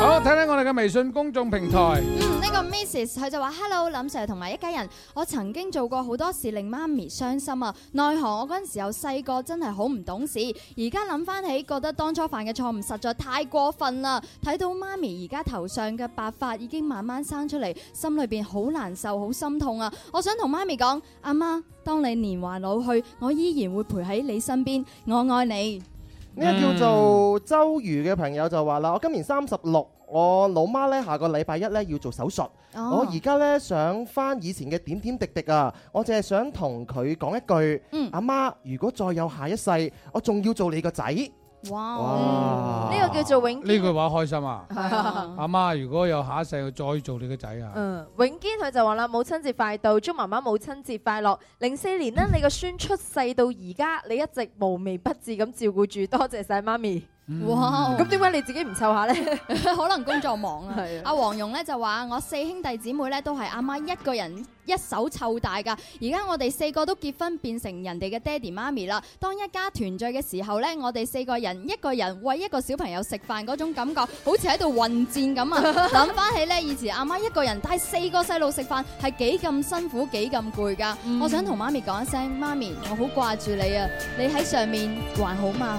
好，睇睇我哋嘅微信公眾平台。嗯，呢個 Misses 佢就話：Hello，林 Sir 同埋一家人，我曾經做過好多事令媽咪傷心啊。奈何我嗰陣時候細個真係好唔懂事，而家諗翻起，覺得當初犯嘅錯誤實在太過分啦。睇到媽咪而家頭上嘅白髮已經慢慢生出嚟，心裏邊好難受，好心痛啊！我想同媽咪講，阿媽，媽，當你年華老去，我依然會陪喺你身邊，我愛你。呢個叫做周瑜嘅朋友就話啦：我今年三十六，我老媽呢，下個禮拜一呢，要做手術，哦、我而家呢想翻以前嘅點點滴滴啊！我淨係想同佢講一句：阿、嗯啊、媽，如果再有下一世，我仲要做你個仔。Wow, 哇！呢個叫做永堅呢句話開心啊！阿媽如果有下一世佢再做你個仔啊！嗯，永堅佢就話啦，母親節快到，祝媽媽母親節快樂。零四年呢、啊， 你個孫出世到而家，你一直無微不至咁照顧住，多謝晒媽咪。哇！咁點解你自己唔湊下呢？ 可能工作忙啊。阿黃 是的 蓉呢就話：我四兄弟姊妹咧都係阿媽，媽一個人一手湊大噶。而家我哋四個都結婚，變成人哋嘅爹哋媽咪啦。當一家團聚嘅時候咧，我哋四個人一個人餵一個小朋友食飯嗰種感覺，好似喺度混戰咁啊！諗翻 起咧，以前阿媽，媽一個人帶四個細路食飯，係幾咁辛苦，幾咁攰噶。嗯、我想同媽咪講一聲，媽咪，我好掛住你啊！你喺上面還好嗎？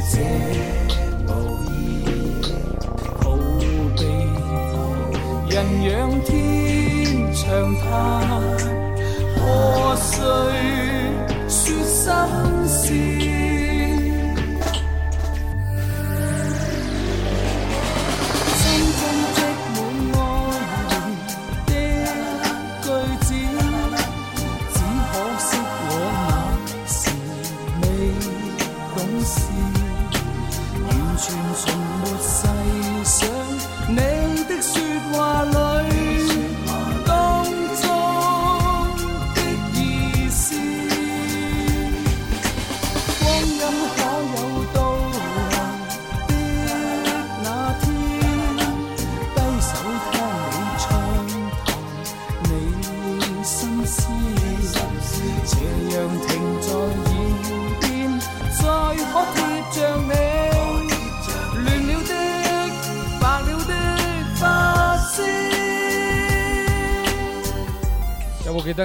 這無言逃避，人仰天長嘆，破碎說心。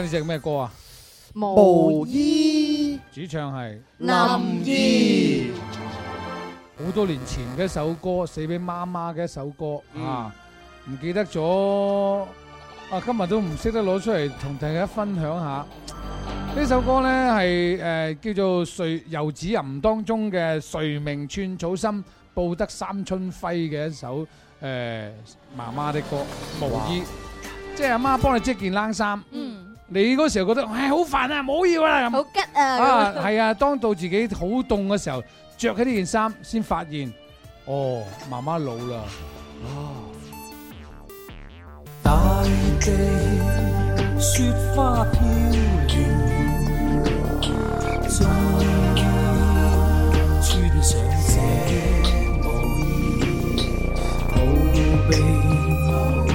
呢隻係咩歌啊？毛衣主唱係林依。好多年前嘅一首歌，寫俾媽媽嘅一首歌啊，唔記得咗啊，今日都唔識得攞出嚟同大家分享下呢首歌咧，係誒叫做《遊子吟》當中嘅“誰鳴寸草心，報得三春暉”嘅一首誒媽媽的歌。毛衣，即係阿媽幫你織件冷衫。你嗰時候覺得唉、哎、好煩啊，唔好要啊！好吉啊！啊，係這樣 啊，當到自己好凍嘅時候，着起呢件衫先發現，哦，媽媽老啦！大地雪花飄零，終於穿上這毛衣，逃 避樂。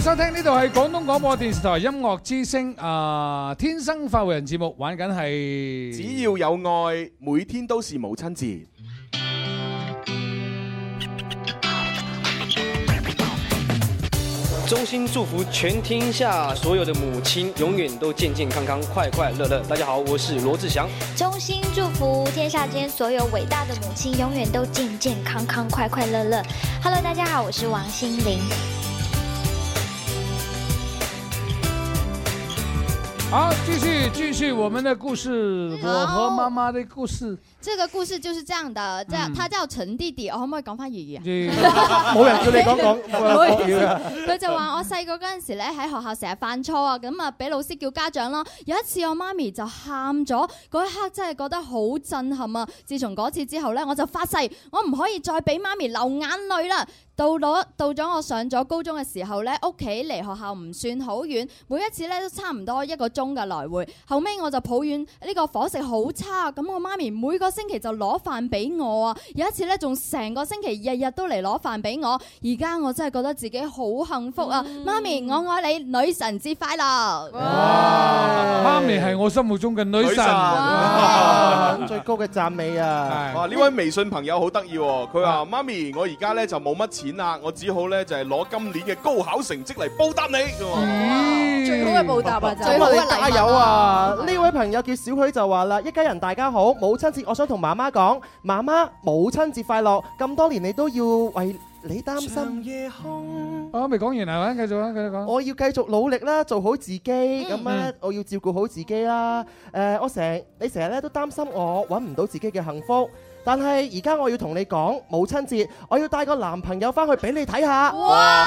收聽呢度係廣東廣播電視台音樂之聲啊、呃！天生快活人節目玩緊係，只要有愛，每天都是母親節。衷心祝福全天下所有的母親永遠都健健康康、快快樂樂。大家好，我是羅志祥。衷心祝福天下間所有偉大的母親永遠都健健康康、快快樂樂。Hello，大家好，我是王心凌。好，繼續繼續我們的故事，我、嗯、和媽媽的故事。這個故事就是這樣的，叫他叫陳弟弟，我可唔可以講返粵語？冇對 人叫你講講，冇、嗯。佢就話 我細個嗰陣時咧，喺學校成日犯錯啊，咁啊俾老師叫家長咯。有一次我媽咪就喊咗，嗰一刻真係覺得好震撼啊！自從嗰次之後咧，我就發誓我唔可以再俾媽咪流眼淚啦。到咗到咗我上咗高中嘅時候呢，屋企離學校唔算好遠，每一次呢都差唔多一個鐘嘅來回。後尾我就抱怨呢個伙食好差，咁我媽咪每個星期就攞飯俾我啊。有一次呢，仲成個星期日日都嚟攞飯俾我。而家我真係覺得自己好幸福啊！嗯、媽咪，我愛你，女神節快樂！哇！哇媽咪係我心目中嘅女神，女神哇最高嘅讚美啊！哇是！呢、啊、位微信朋友好得意喎，佢話：是媽咪，我而家呢就冇乜錢。錢啊！我只好咧，就係攞今年嘅高考成績嚟報答你。最好嘅報答啊！最好嘅你加油啊！呢位朋友叫小許就話啦：一家人大家好，母親節我想同媽媽講，媽媽母親節快樂！咁多年你都要為你擔心。我未講完啊，係咪繼續啊，繼續講。我要繼續努力啦，做好自己咁啊！我要照顧好自己啦。誒，我成你成日咧，都擔心我搵唔到自己嘅幸福。但係而家我要同你講母親節，我要帶個男朋友翻去俾你睇下，哇，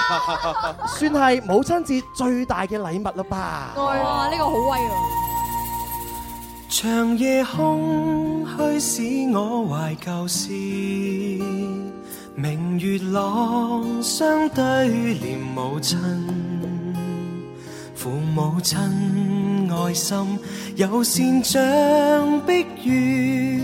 算係母親節最大嘅禮物啦吧？哇，呢、這個好威啊！長夜空虛使我懷舊思，明月朗相對念母親，父母親愛心有善像碧月。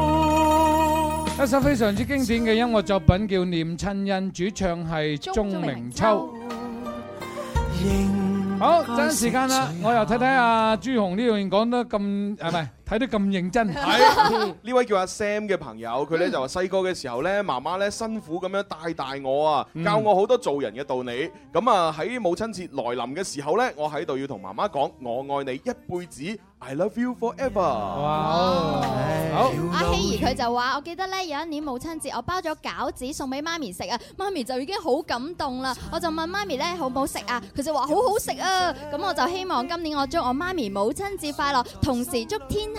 一首非常之經典嘅音樂作品叫《念親恩》，主唱係鍾明秋。明秋應 好，爭時間啦！有我又睇睇阿朱紅呢段講得咁係咪？是 睇得咁認真 呢位叫阿 Sam 嘅朋友，佢咧就話細個嘅時候咧，媽媽咧辛苦咁樣帶大我啊，教我好多做人嘅道理。咁啊喺母親節來臨嘅時候咧，我喺度要同媽媽講，我愛你一輩子，I love you forever。哇，好，阿希兒佢就話，我記得咧有一年母親節，我包咗餃子送俾媽咪食啊，媽咪就已經好感動啦。我就問媽咪咧好唔好食啊，佢就話好好食啊。咁我就希望今年我祝我媽咪母親節快樂，同時祝天。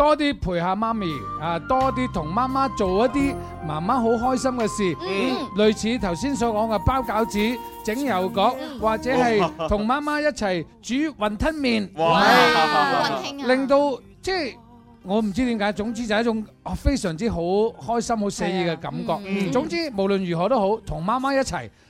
多啲陪下媽咪啊，多啲同媽媽做一啲媽媽好開心嘅事，嗯，類似頭先所講嘅包餃子、整油角，或者係同媽媽一齊煮雲吞麵，令到即係我唔知點解，總之就係一種非常之好開心、好寫意嘅感覺。總之，無論如何都好，同媽媽一齊。